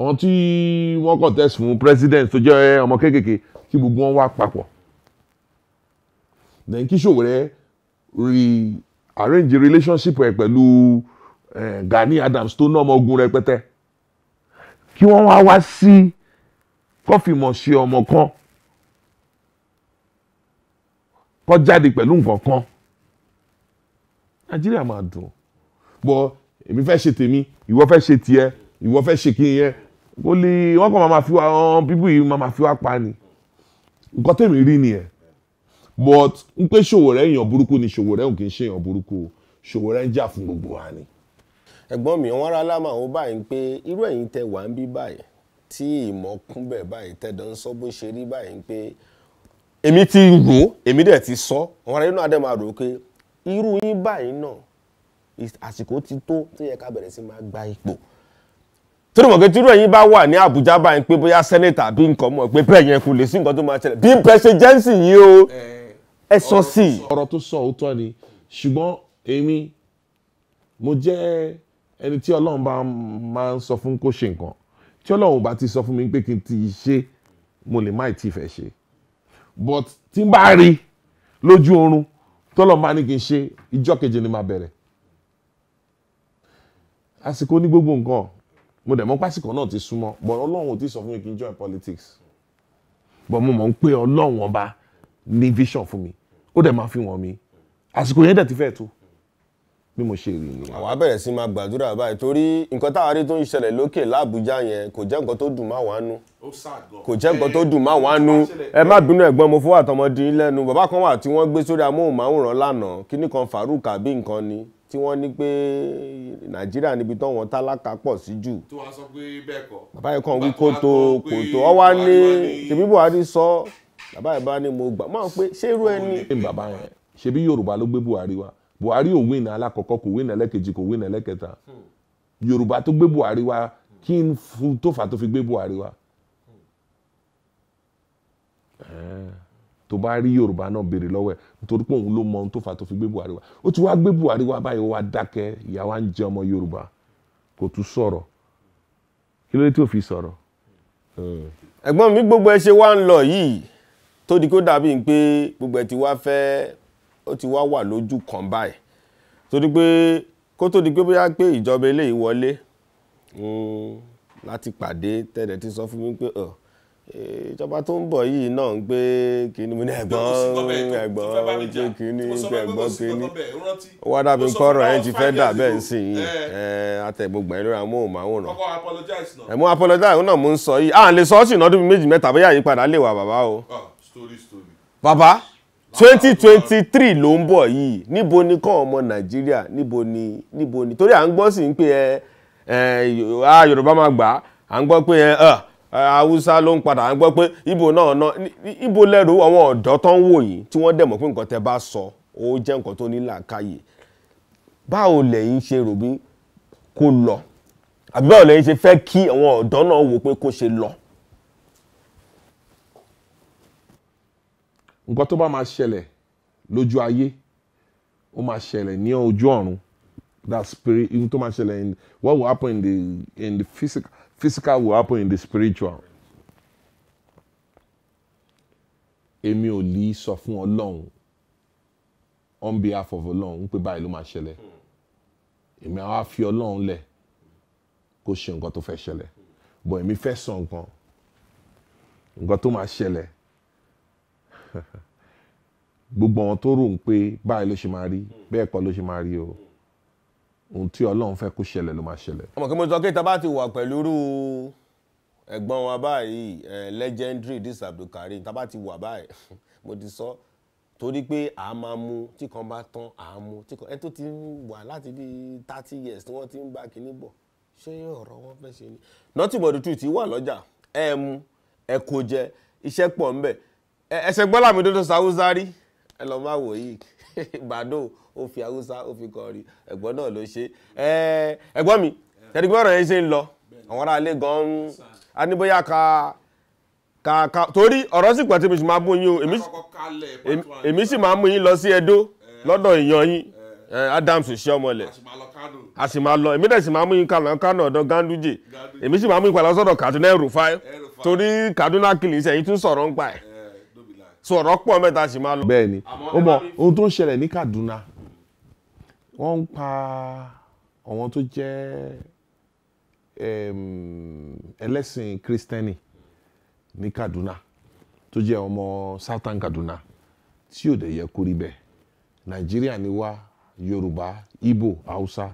àwọn tí wọ́n contest fún president tó jẹ́ ọmọ kéékèèké kí gbogbo wọn wá papọ̀ then kí ṣòwòrẹ́ re arrange relationship ẹ̀ pẹ̀lú. Eh, Gani Adams tó ná ọmọ ogun rẹpẹtẹ kí wọ́n wá wá sí kọ́fìmọ̀ ṣe ọmọ kan kọ́ jáde pẹ̀lú nǹkan kan Nàìjíríà máa dùn bọ́ èmi fẹ́ ṣe tèmi ìwọ fẹ́ ṣe tiẹ̀ ìwọ fẹ́ ṣe kíni yẹn kò lè wọ́n kàn máa fi wá ọ̀hún bíbù yìí máa fi wá pa ni nǹkan tèmi rí nìyẹn but n pé Ṣòwòrẹ́ èèyàn burúkú ni Ṣòwòrẹ́ òun kì í ṣe èèyàn burúkú Ṣòwòrẹ́ ń jà fún gbogbo wa ni ẹ̀gbọ́n mi wọ́n rá lámà àwọn báyìí pé irú ẹ̀yin tẹ wà ń bí báyìí tí ìmọ̀ báyìí tẹ̀dọ̀ ń sọ bó ṣe rí báyìí pé èmi ti wò èmi dẹ̀ ti sọ wọn rẹ̀ nínú adé máa rò pé irú yín báyìí náà àsìkò ti tó tó yẹ ká bẹ̀rẹ̀ sí máa gba ipò torí mọ̀ pé tí irú ẹ̀yin bá wà ní Àbújá báyìí pé bóyá sẹ́nẹ̀tà bí nǹkan mọ̀ pé bẹ́ẹ̀ yẹn kò lè sí nǹkan tó máa ṣẹlẹ̀ bí pẹ́sẹ̀jẹ́nsì yìí o ẹ sọ sí i. ọ̀rọ̀ tó sọ òótọ́ ni ṣùgbọ́n èmi mo jẹ́ ẹni tí ọlọ́run bá máa ń sọ fún kó ṣe nǹkan tí ọlọ́run bá ti sọ fún mi pé kí n ti ṣe mo lè má ì tí ì ṣe but tí n bá rí lójú oorun tọ́lọ́run bá ní kí n ṣe ìjọ keje ni màá bẹ̀rẹ̀ àsìkò ní gbogbo nǹkan mo dẹ̀ mọ̀ pásìkò náà ti súnmọ́ but ọlọ́run ò ti sọ fún mi kí n join politics but mo mọ̀ ń pé ọlọ́run ọba ní vision fún mi ó dẹ̀ máa fi wọ̀n mi àsìkò yẹn dẹ̀ ti fẹ́ tó bí mo ṣe rí nìyẹn. àwa bẹ̀rẹ̀ sí máa gbàdúrà báyìí torí nǹkan táwa rí tó ń ṣẹlẹ̀ lókè lábújá yẹn kò jẹ́ nǹkan tó dùn máa wánú kò jẹ́ nǹkan tó dùn máa wánú ẹ má bínú ẹ̀gbọ́n mo fún àtọmọdé lẹ́nu bàbá kan wà tí wọ́n gbé sórí amóhùnmáwòrán lánàá kíní kan Farouk àbí nǹkan ni tí wọ́n ní pé Nàìjíríà níbi tó wọn tálákà pọ̀ sí jù tó wá sọ pé bẹ́ẹ̀ kọ́ bàbá yẹn kàn wí kòtò kòtò ọ buhari ò win alákọ̀ọ́kọ́ kò win ẹlẹ́kejì kò win ẹlẹ́kẹta yorùbá tó gbé buhari wá kí n fún tó fà tó fi gbé buhari wá tó bá rí yorùbá náà béèrè lọ́wọ́ ẹ̀ nítorí pé òun ló mọ ohun tó fà tó fi gbé buhari wá ó ti wá gbé buhari wá báyìí ó wá dákẹ́ ìyà wa ń jẹ ọmọ yorùbá kò tún sọ̀rọ̀ kí ló dé tí ò fi sọ̀rọ̀. ẹ̀gbọ́n mi gbogbo ẹ ṣe wá ń lọ yìí tó di kó dàbí pé gbogbo ẹ ti wá fẹ́ẹ́ ó ti wá wà lójú kan báyìí torí pé kó tó di pé bóyá pé ìjọba eléyìí wọlé láti pàdé tẹ̀lẹ̀ ti sọ fún mi pé ìjọba tó ń bọ̀ yìí náà ń pé kíni mo ní ẹ̀gbọ́n ẹ̀gbọ́n tó kíni ẹ̀gbọ́n kíni ó wá dàbí kọ́rọ̀ ẹ̀ ti fẹ́ dà bẹ́ẹ̀ sí i àtẹ̀gbọ̀gbà ẹ̀ lórí amóhùnmáwòrán ẹ̀ mú apologize náà mo ń sọ yìí à ń lè sọ ọ́ sì nọ́dún méjì mẹ́ta bóyá àyípadà lè wà bàbá o. bàbá twenty twenty three ló ń bọ̀ yìí níbo ni kàn ọmọ nàìjíríà níbo ni níbo ni torí à ń gbọ́ sí ń pé ẹ ẹ yorùbá máa gbà à ń gbọ́ pé ẹ ẹ haúsá ló ń padà à ń gbọ́ pé ibo náà ná ibo lẹ́rù àwọn ọ̀dọ́ tó ń wò yìí tí wọ́n dẹ̀ mọ̀ pé nǹkan tẹ́ bá sọ ó jẹ́ nǹkan tó ní làákàyè báwo lẹ́yìn ṣe rò bí kò lọ àbí báwo lẹ́yìn ṣe fẹ́ kí àwọn ọ̀dọ́ náà wò pé kó ṣe lọ. nǹkan tó bá máa ṣẹlẹ̀ lójú ayé ó máa ṣẹlẹ̀ ní ojú ọ̀run that spirit even tó máa ṣẹlẹ̀ in what will happen in the in the physical physical will happen in the spiritual. èmi ò lè sọ fún ọlọ́run on behalf of ọlọ́run pé báyìí ló máa ṣẹlẹ̀ èmi àwa fi ọlọ́run lẹ̀ kó ṣe nǹkan tó fẹ́ ṣẹlẹ̀ bọ̀ èmi fẹ́ sọ nǹkan nǹkan tó máa ṣẹlẹ̀ gbogbo àwọn tó rò ń pé báyìí ló ṣe máa rí hmm. bẹ́ẹ̀ kọ́ ló ṣe máa rí o ohun tí ọlọ́run fẹ́ kó ṣẹlẹ̀ ló máa ṣẹlẹ̀. ọmọ kí mo sọ pé bá ti wà pẹ̀lú rú ẹ̀gbọ́n wa báyìí legendary dis abdulkareem tá bá ti wà báyìí mo ti sọ torí pé a máa mu tí kan bá tán a mu tí kan ẹ tó ti wà láti bíi thirty years tí wọ́n ti ń bá kinní bọ̀ ṣé ọ̀rọ̀ wọn fẹ́ ṣe ni. nothing but the truth wà lọ́jà ẹ mu ẹ kò jẹ iṣẹ́ pọ̀ ńbẹ̀ ẹsẹ̀ gbọ́lá mi dódó sáwúsá rí ẹ lọ máa wò yìí ó fi haúsá ó fi kọrin ẹ̀gbọ́n náà ló ṣe mi tẹ̀lé gbọ́dọ̀ yẹn ṣe ń lọ àwọn ará ilé gan ka ka ka torí ọ̀rọ̀ sì pẹ̀ mi sì máa mú yín o èmi sì máa mú yín lọ sí Ẹdó lọ́dọ̀ èèyàn yín Adams ṣe ọmọlẹ̀ a sì máa lọ èmi dẹ̀ sì máa mú yín kalọ̀ kánò ọ̀dọ̀ Ganduje èmi sì máa mú yín padà Kaduna ẹ̀rù fáyé Kaduna kìlì tún sọ̀rọ̀ ń pa so ọ̀rọ̀ pọ̀ mẹ́ta sì máa lọ. ni ó mọ ohun tó ń ṣẹlẹ̀ ní Kaduna wọ́n ń pa àwọn tó jẹ́ ẹlẹ́sìn kristẹni ní Kaduna tó jẹ́ ọmọ southern Kaduna tí ò dẹ̀ yẹ kó bẹ́ẹ̀ Nàìjíríà ni wá Yorùbá Ibo, Hausa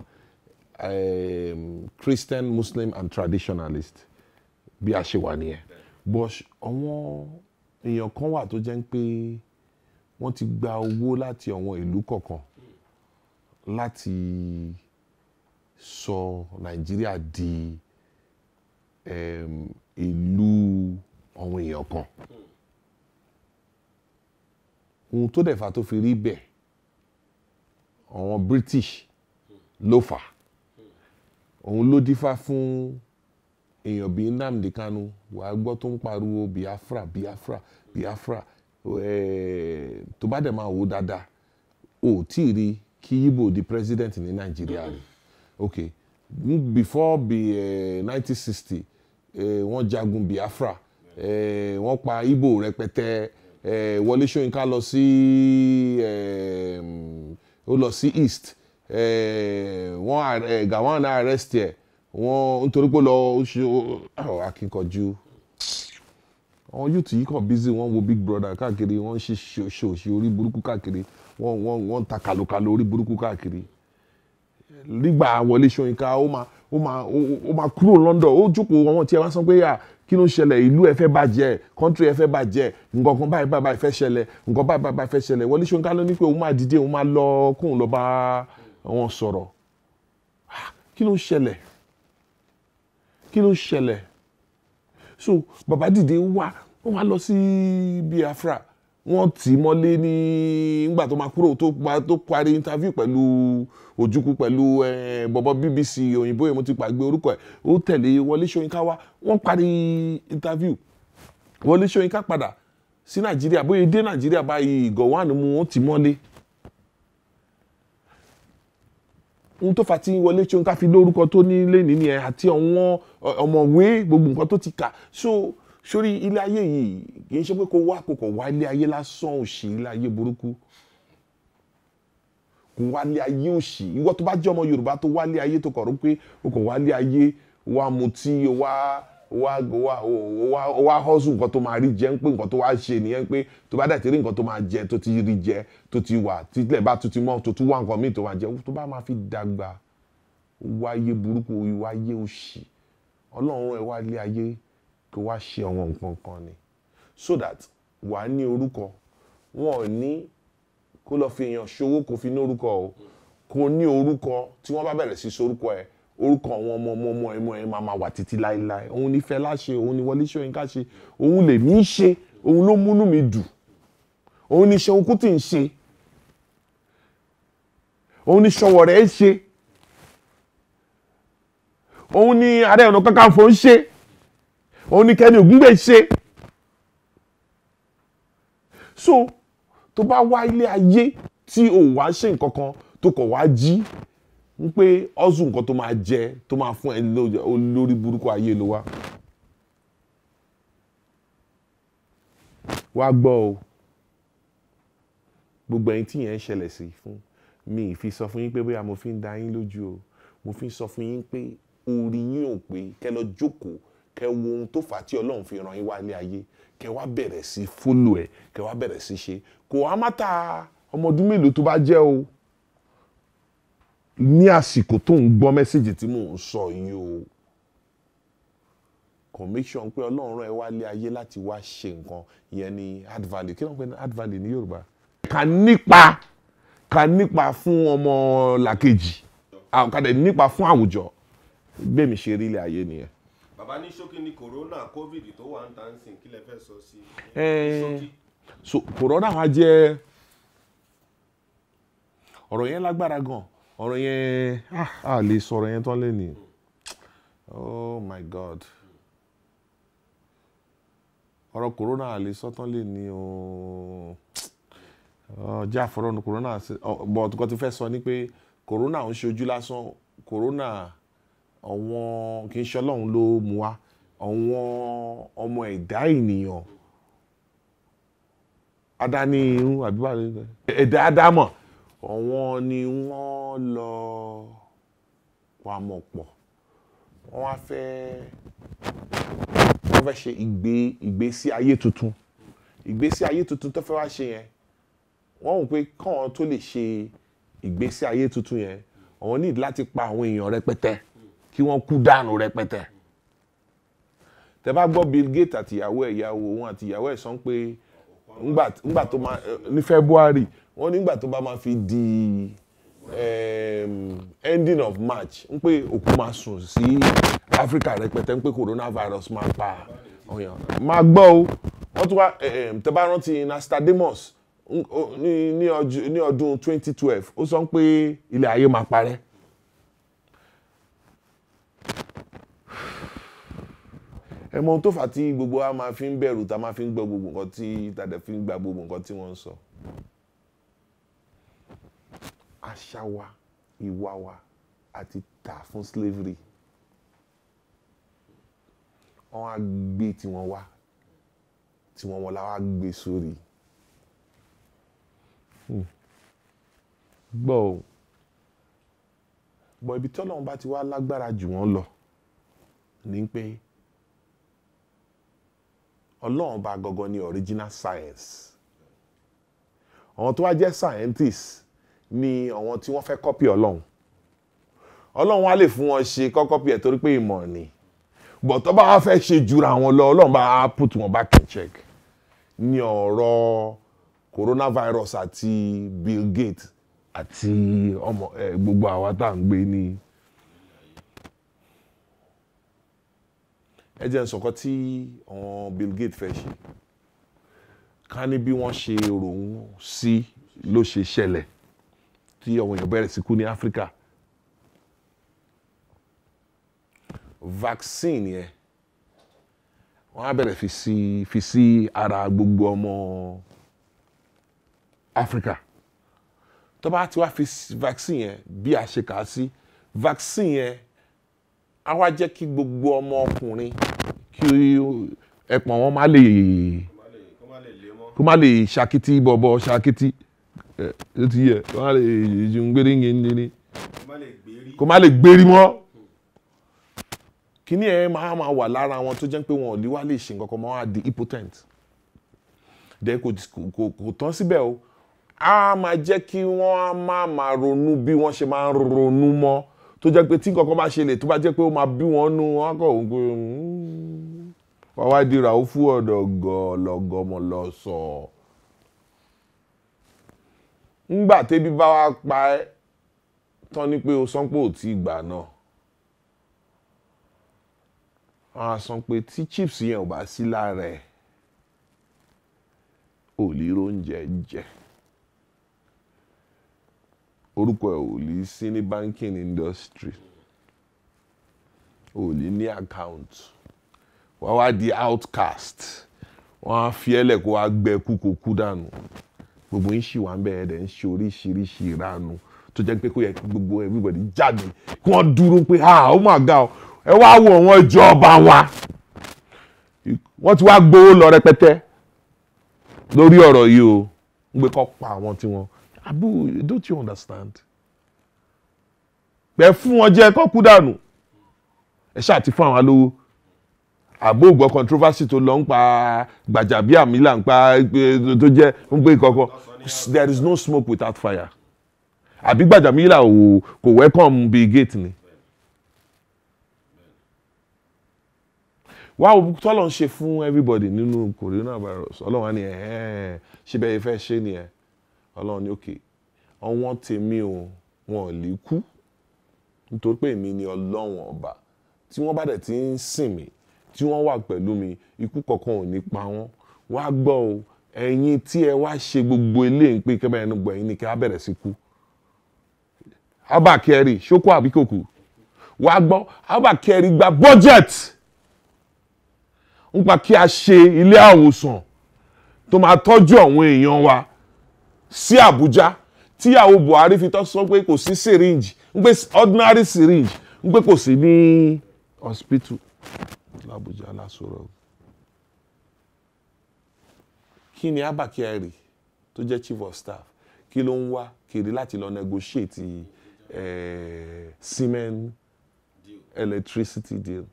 um, Christian Muslim and traditionalist bí a ṣe wà nìyẹn but àwọn èèyàn kan wà tó jẹ́ pé wọ́n ti gba owó láti àwọn ìlú kọ̀ọ̀kan láti sọ Nàìjíríà di ìlú àwọn èèyàn kan. ohun tó dẹ̀ fà tó fi rí bẹ́ẹ̀ àwọn British ló fà òun ló dífá fún èèyàn bíi Nnamdi Kanu wàá gbọ́ tó ń pariwo Biafra Biafra Biafra tó bá dẹ̀ máa wò dáadáa ò tí ì rí kí Yíbò di president ní Nàìjíríà rí ok before bi nineteen sixty wọ́n jagun Biafra wọ́n pa Yíbò rẹpẹtẹ Wọlé Ṣóyínká lọ sí ó lọ sí east wọ́n Gawon arrest ẹ̀. wọn nítorí pé lọ ṣe akínkanjú àwọn yúùtù yìí kàn bízí wọn wo big brother káàkiri wọn ṣe ṣòṣì orí burúkú káàkiri wọn wọn wọn ta kàlòkàlò orí burúkú káàkiri nígbà wọlé Ṣóyínká ó máa ó máa ó máa kúrò London ó jókòó àwọn tí wá sọ pé à kí ló ń ṣẹlẹ̀ ìlú ẹ fẹ́ bàjẹ́ kọ́ńtírì ẹ fẹ́ bàjẹ́ nǹkan kan báyìí báyìí fẹ́ ṣẹlẹ̀ nǹkan báyìí báyìí fẹ́ ṣẹlẹ̀ wọlé Ṣóyínká ló ní pé òun máa dìde òun máa lọ kóun lọ bá wọn sọ̀rọ̀ kí ló ń ṣẹlẹ̀ kí ló ṣẹlẹ̀ so bàbá dìde wá wọ́n wá lọ sí Biafra wọ́n tì í mọ́lé ní ngbà tó máa kúrò tó parí interview pẹ̀lú Ojukwu pẹ̀lú bọ̀bọ̀ BBC òyìnbó yẹn mo ti pàgbé orúkọ ẹ̀ ó tẹ̀lé Wọlé Ṣóyínká wá wọ́n parí interview Wọlé Ṣóyínká padà sí Nàìjíríà bóyá dé Nàìjíríà báyìí Gọ̀wọ́n mú wọn tì í mọ́lé ohun tó fà tí wọlé ṣeun ká fi lórúkọ tó ní lẹ́nìí ni ẹ àti àwọn ọ̀mọ̀wé gbogbo nǹkan tó ti kà so sórí ilé ayé yìí kì í ṣe pé kó wá kókò wá ilé ayé lásán òṣì ilé ayé burúkú kò wá ilé ayé òṣì ìwọ tó bá jẹ́ ọmọ Yorùbá tó wá ilé ayé tó kọ̀ rú pé kókò wá ilé ayé wá mutí wá. Wa wá wá wá wá hustle nǹkan tó máa rí jẹ ń pé nǹkan tó wá ṣe nìyẹn pé tó bá dẹ̀ ti rí nǹkan tó máa jẹ tó ti rí jẹ tó ti wà tílẹ̀ bá tó ti mọ́ tó tún wá nǹkan míì tó máa jẹ tó bá máa fi dàgbà wáyé burúkú wáyé òṣì ọlọ́run ẹ̀ wá lé ayé kó wá ṣe àwọn nǹkan kan ni so that wà á ní orúkọ wọn ò ní kó lọ fi èèyàn ṣòwò kó fi ní orúkọ o kó ní orúkọ tí wọ́n bá bẹ̀rẹ̀ sí sorúkọ ẹ̀ orúkọ àwọn ọmọ ọmọ ọmọ ẹmọ ẹ máa máa wà títí láéláé òun ni Fẹlá ṣe òun ni Wọlé Ṣóyínká ṣe òun lè mí ṣe òun ló múnú mi dùn òun ni Ṣeun Kútì ń ṣe òun ni Ṣọ̀wọ̀rẹ́ ṣe òun ni Ààrẹ Ọ̀nà Kakanfò ń ṣe òun ni Kẹ́ni Ògúngbè ṣe so tó bá wá ilé ayé tí ò wá ṣe nǹkan kan tó kọ̀ wá jí ń pé ọ́sùn nǹkan tó máa jẹ tó máa fún ẹ lórí burúkú ayé ló wá. wá gbọ́ o gbogbo ẹ̀yin tí yẹn ń ṣẹlẹ̀ sí fún mi ìfi sọ fún yín pé bóyá mo fi ń da yín lójú o mo fi ń sọ fún yín pé orí yín ò pé kẹ lọ jókòó kẹ wo ohun tó fà á tí ọlọ́run fi ràn yín wá ilé ayé kẹ wá bẹ̀rẹ̀ sí fólò ẹ̀ kẹ wá bẹ̀rẹ̀ sí ṣe kò á má ta ọmọ ọdún mélòó tó bá jẹ́ o ní àsìkò tó ń gbọ́ mẹ́sẹ̀gì tí mò ń sọ yìí o commission pé ọlọ́run rán ẹ wá lé ayé láti wá ṣe nǹkan ìyẹn ni add value kí ló ń pè ní add value ní yorùbá. ká nípa ká nípa fún ọmọ làkejì ká nípa fún àwùjọ gbẹ̀mí ṣe rí ilé ayé nìyẹn. bàbá ní ṣókí ni corona covid tó wà ń ta ń sìn kí lè fẹ́ sọ sí i. so corona wa jẹ́ ọ̀rọ̀ yẹn lágbára gan-an ọ̀rọ̀ yẹn ah. a lè sọ̀rọ̀ yẹn tán lẹ́nu oh my god ọ̀rọ̀ corona a lè sọ tán lẹ́nu ooo oh, jẹ́ àfọ̀rọ̀ ní corona oh, but nǹkan tí fẹ́ sọ ni pé corona ń ṣojú lásán corona àwọn kì í ṣe ọlọ́run ló mú wa àwọn ọmọ ẹ̀dá ènìyàn adá ní irun ẹ̀dá ádámọ̀ àwọn ni wọ́n lọ pamọ́ pọ̀ wọ́n wá fẹ́ wọ́n fẹ́ ṣe ìgbé ìgbésí ayé tuntun ìgbésí ayé tuntun tó fẹ́ wá ṣe yẹn wọ́n wò pé káwọn tó lè ṣe ìgbésí ayé tuntun yẹn àwọn nídìí láti pa àwọn èèyàn rẹpẹtẹ kí wọ́n kú dànù rẹpẹtẹ tẹ bá gbọ́ Bill Gates àtìyàwó ẹ̀ ìyàwó òun àtìyàwó ẹ̀ sọ pé ngbà ngbà tó máa February wọ́n nígbà tó bá máa fi di ehm, ending of March ń pé òkú máa sùn sí Africa rẹpẹtẹ ń pé coronavirus máa pa ọ̀yàn máa gbọ́ o wọ́n tún wá ehm, tẹ́ bá rántí Nastademus ní ọdún 2012 ó sọ pé ilẹ̀ ayé máa parẹ́ ẹ mọ ohun tó fà tí gbogbo wa máa fi ń bẹ̀rù tá a máa fi ń gbọ́ gbogbo nǹkan tí tàdé fi ń gba gbogbo nǹkan tí wọ́n ń sọ. àṣà wa ìwà wa àti tà fún slavery wọ́n á gbé tiwọn wá tiwọn wọn la wá gbé sórí. Hmm. gbọ́ o bọ̀ ibi tí ọlọ́run bá ti wá lágbára jù wọ́n lọ ní pé ọlọ́run bá gọ́gọ́ ní original science àwọn tó wá jẹ́ scientist ni àwọn tí wọ́n fẹ́ kọ́pì ọlọ́run ọlọ́run wá lè fún wọn ṣe kọ́kọ́pì ẹ̀ torí pé ìmọ̀ ni bọ̀tọ́ bá wá fẹ́ ṣe jura wọn lọ ọlọ́run bá put wọn back in check ní ọ̀rọ̀ coronavirus àti Bill Gates àti ọmọ gbogbo àwa tá à ń gbé ní. ẹ jẹ́ n sọ̀kọ́ tí àwọn Bill Gates fẹ́ ṣe ká ní bí wọ́n ṣe rò ó sí ló ṣe ṣẹlẹ̀ tí àwọn èèyàn bẹ̀rẹ̀ sí kú ní Áfíríkà vaccine yẹn wọ́n á bẹ̀rẹ̀ fi sí fi sí ara gbogbo ọmọ Áfíríkà tó bá ti wá fi vaccine yẹn bí a ṣe kà á sí vaccine yẹn á wá jẹ́ kí gbogbo ọmọ ọkùnrin kí ẹpọ̀n wọn má lè kó má lè ṣakití bọ̀bọ̀ ṣakití ẹ ti yẹ kó má lè jùn gbére yẹn nílé kó má lè gbérí mọ́ kíní ẹ máa máa wà lára wọn tó jẹ́ pé wọn ò ní wá lè ṣe nǹkan kan máa wá di impotent dẹ kò tán síbẹ̀ o á máa jẹ́ kí wọ́n máa máa ronú bí wọ́n ṣe máa ronú mọ́ tó jẹ́ pé tí kankan bá ṣẹlẹ̀ tó bá jẹ́ pé ó máa bí wọn nú wọn kọ̀ òun pé hmm. wọ́n wá di ràúfù ọ̀dọ̀ gọ̀ọ̀lọ̀gọ̀mọ̀ lọ sọ. ńgbà tẹ́bí bá wá pa ẹ́ tán ni pé o sọ pé ò tí ì gbà náà wọ́n á sọ pé tí chips yẹn ò bá sí lára ẹ̀ ò lè róúnjẹ jẹ. jẹ orúkọ ẹ̀ ò lè sí ní banking industry ò lè ní account wàá wá di outcast wọ́n á fi ẹlẹ̀ kó wá gbẹ kú kó kú dànù gbogbo ń ṣì wá ń bẹ̀rẹ̀ dẹ̀ ń ṣe oríṣiríṣi ìranu tó jẹ́ pé kó yẹ kí gbogbo everybody jáde kí wọ́n dúró pé ah oh my god ẹ wá wo àwọn ìjọba wa wọ́n ti wá gbowó lọ rẹpẹtẹ lórí ọ̀rọ̀ yìí o ń gbé kọ́ pa àwọn tí wọ́n Abu, don't you understand? Pẹ̀ fún wọn jẹ́ kọ́ kú dànù. Ẹ ṣáà ti fún àwọn alówó. Àbó ògbọ́ controversy tó lọ ń pa Gbàjàbíàmílà ń pa eh, tó jẹ́ ń pé kọ̀ọ̀kan. There is no smoke without fire. Àbí Gbàjàbíàmílà ò kò welcome bí gate ni. wá o tọ́lọ̀ ń ṣe fún everybody nínú coronavirus ọlọ́run á ní ẹ̀ ẹ́ ṣe bẹ́ẹ̀ fẹ́ ṣe nìyẹn ọlọ́run ní òkè ọwọ́n tèmi o wọn ò lè kú nítorí pé èmi ni ọlọ́run ọba tí wọ́n bá dẹ̀ ti ń sìn mí tí wọ́n wà pẹ̀lú mi ikú kankan ò ní pa wọ́n wá gbọ́ o ẹ̀yin tí ẹ wá ṣe gbogbo eléyìí pé kẹ́bẹ́ ẹnu gbọ̀ ẹ̀yin ni kí á bẹ̀rẹ̀ sí kú abakẹ́rì ṣókó àbíkòkù wá gbọ́ abakẹ́rì gba budget nípa kí a ṣe ilé àwòsàn tó máa tọ́jú àwọn èèyàn wa sí abuja, tíyàwó Buhari fi tọ́ sọ pé kò sí syringe ń pé ordinary syringe ń pé kò sí ní hospital làbújá lásòrò kí ni Abba Kyari tó jẹ́ chief of staff kí ló ń wá kiri láti lọ negotiate eh, cement electricity deal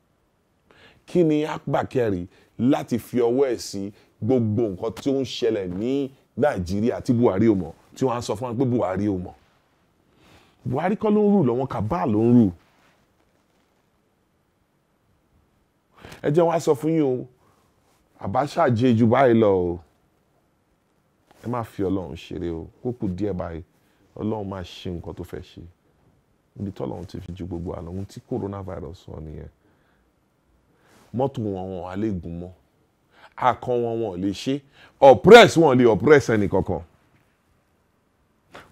kí ni Abba Kyari láti fi ọwọ́ ẹ̀ sí gbogbo nǹkan tí ń ṣẹlẹ̀ ní nàìjíríà tí buhari ò mọ̀ tí wọ́n á sọ fún wọn pé buhari ò mọ̀ buhari kọ́ ló ń rù lọ́wọ́ kabal ló ń rù ẹ jẹ́ wọ́n á sọ fún yín o Abacha jẹ́ ju báyìí lọ o ẹ má fi ọlọ́run ṣeré o kókù díẹ̀ báyìí ọlọ́run máa ṣe nǹkan tó fẹ́ ṣe níbi tọ́lọ́run ti fi ju gbogbo àlọ́ ohun tí coronavirus sọ nìyẹn mọ́tò wọn wọn alẹ́ gùn mọ́ akọ wọn wọn lè ṣe oppress wọn lè oppress ẹnì kankan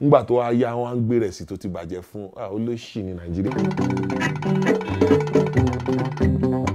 ngbà tó wá yá wọn á ń gbé rẹ̀ sí tó ti bàjẹ́ fún ah, olóṣì ní nàìjíríà.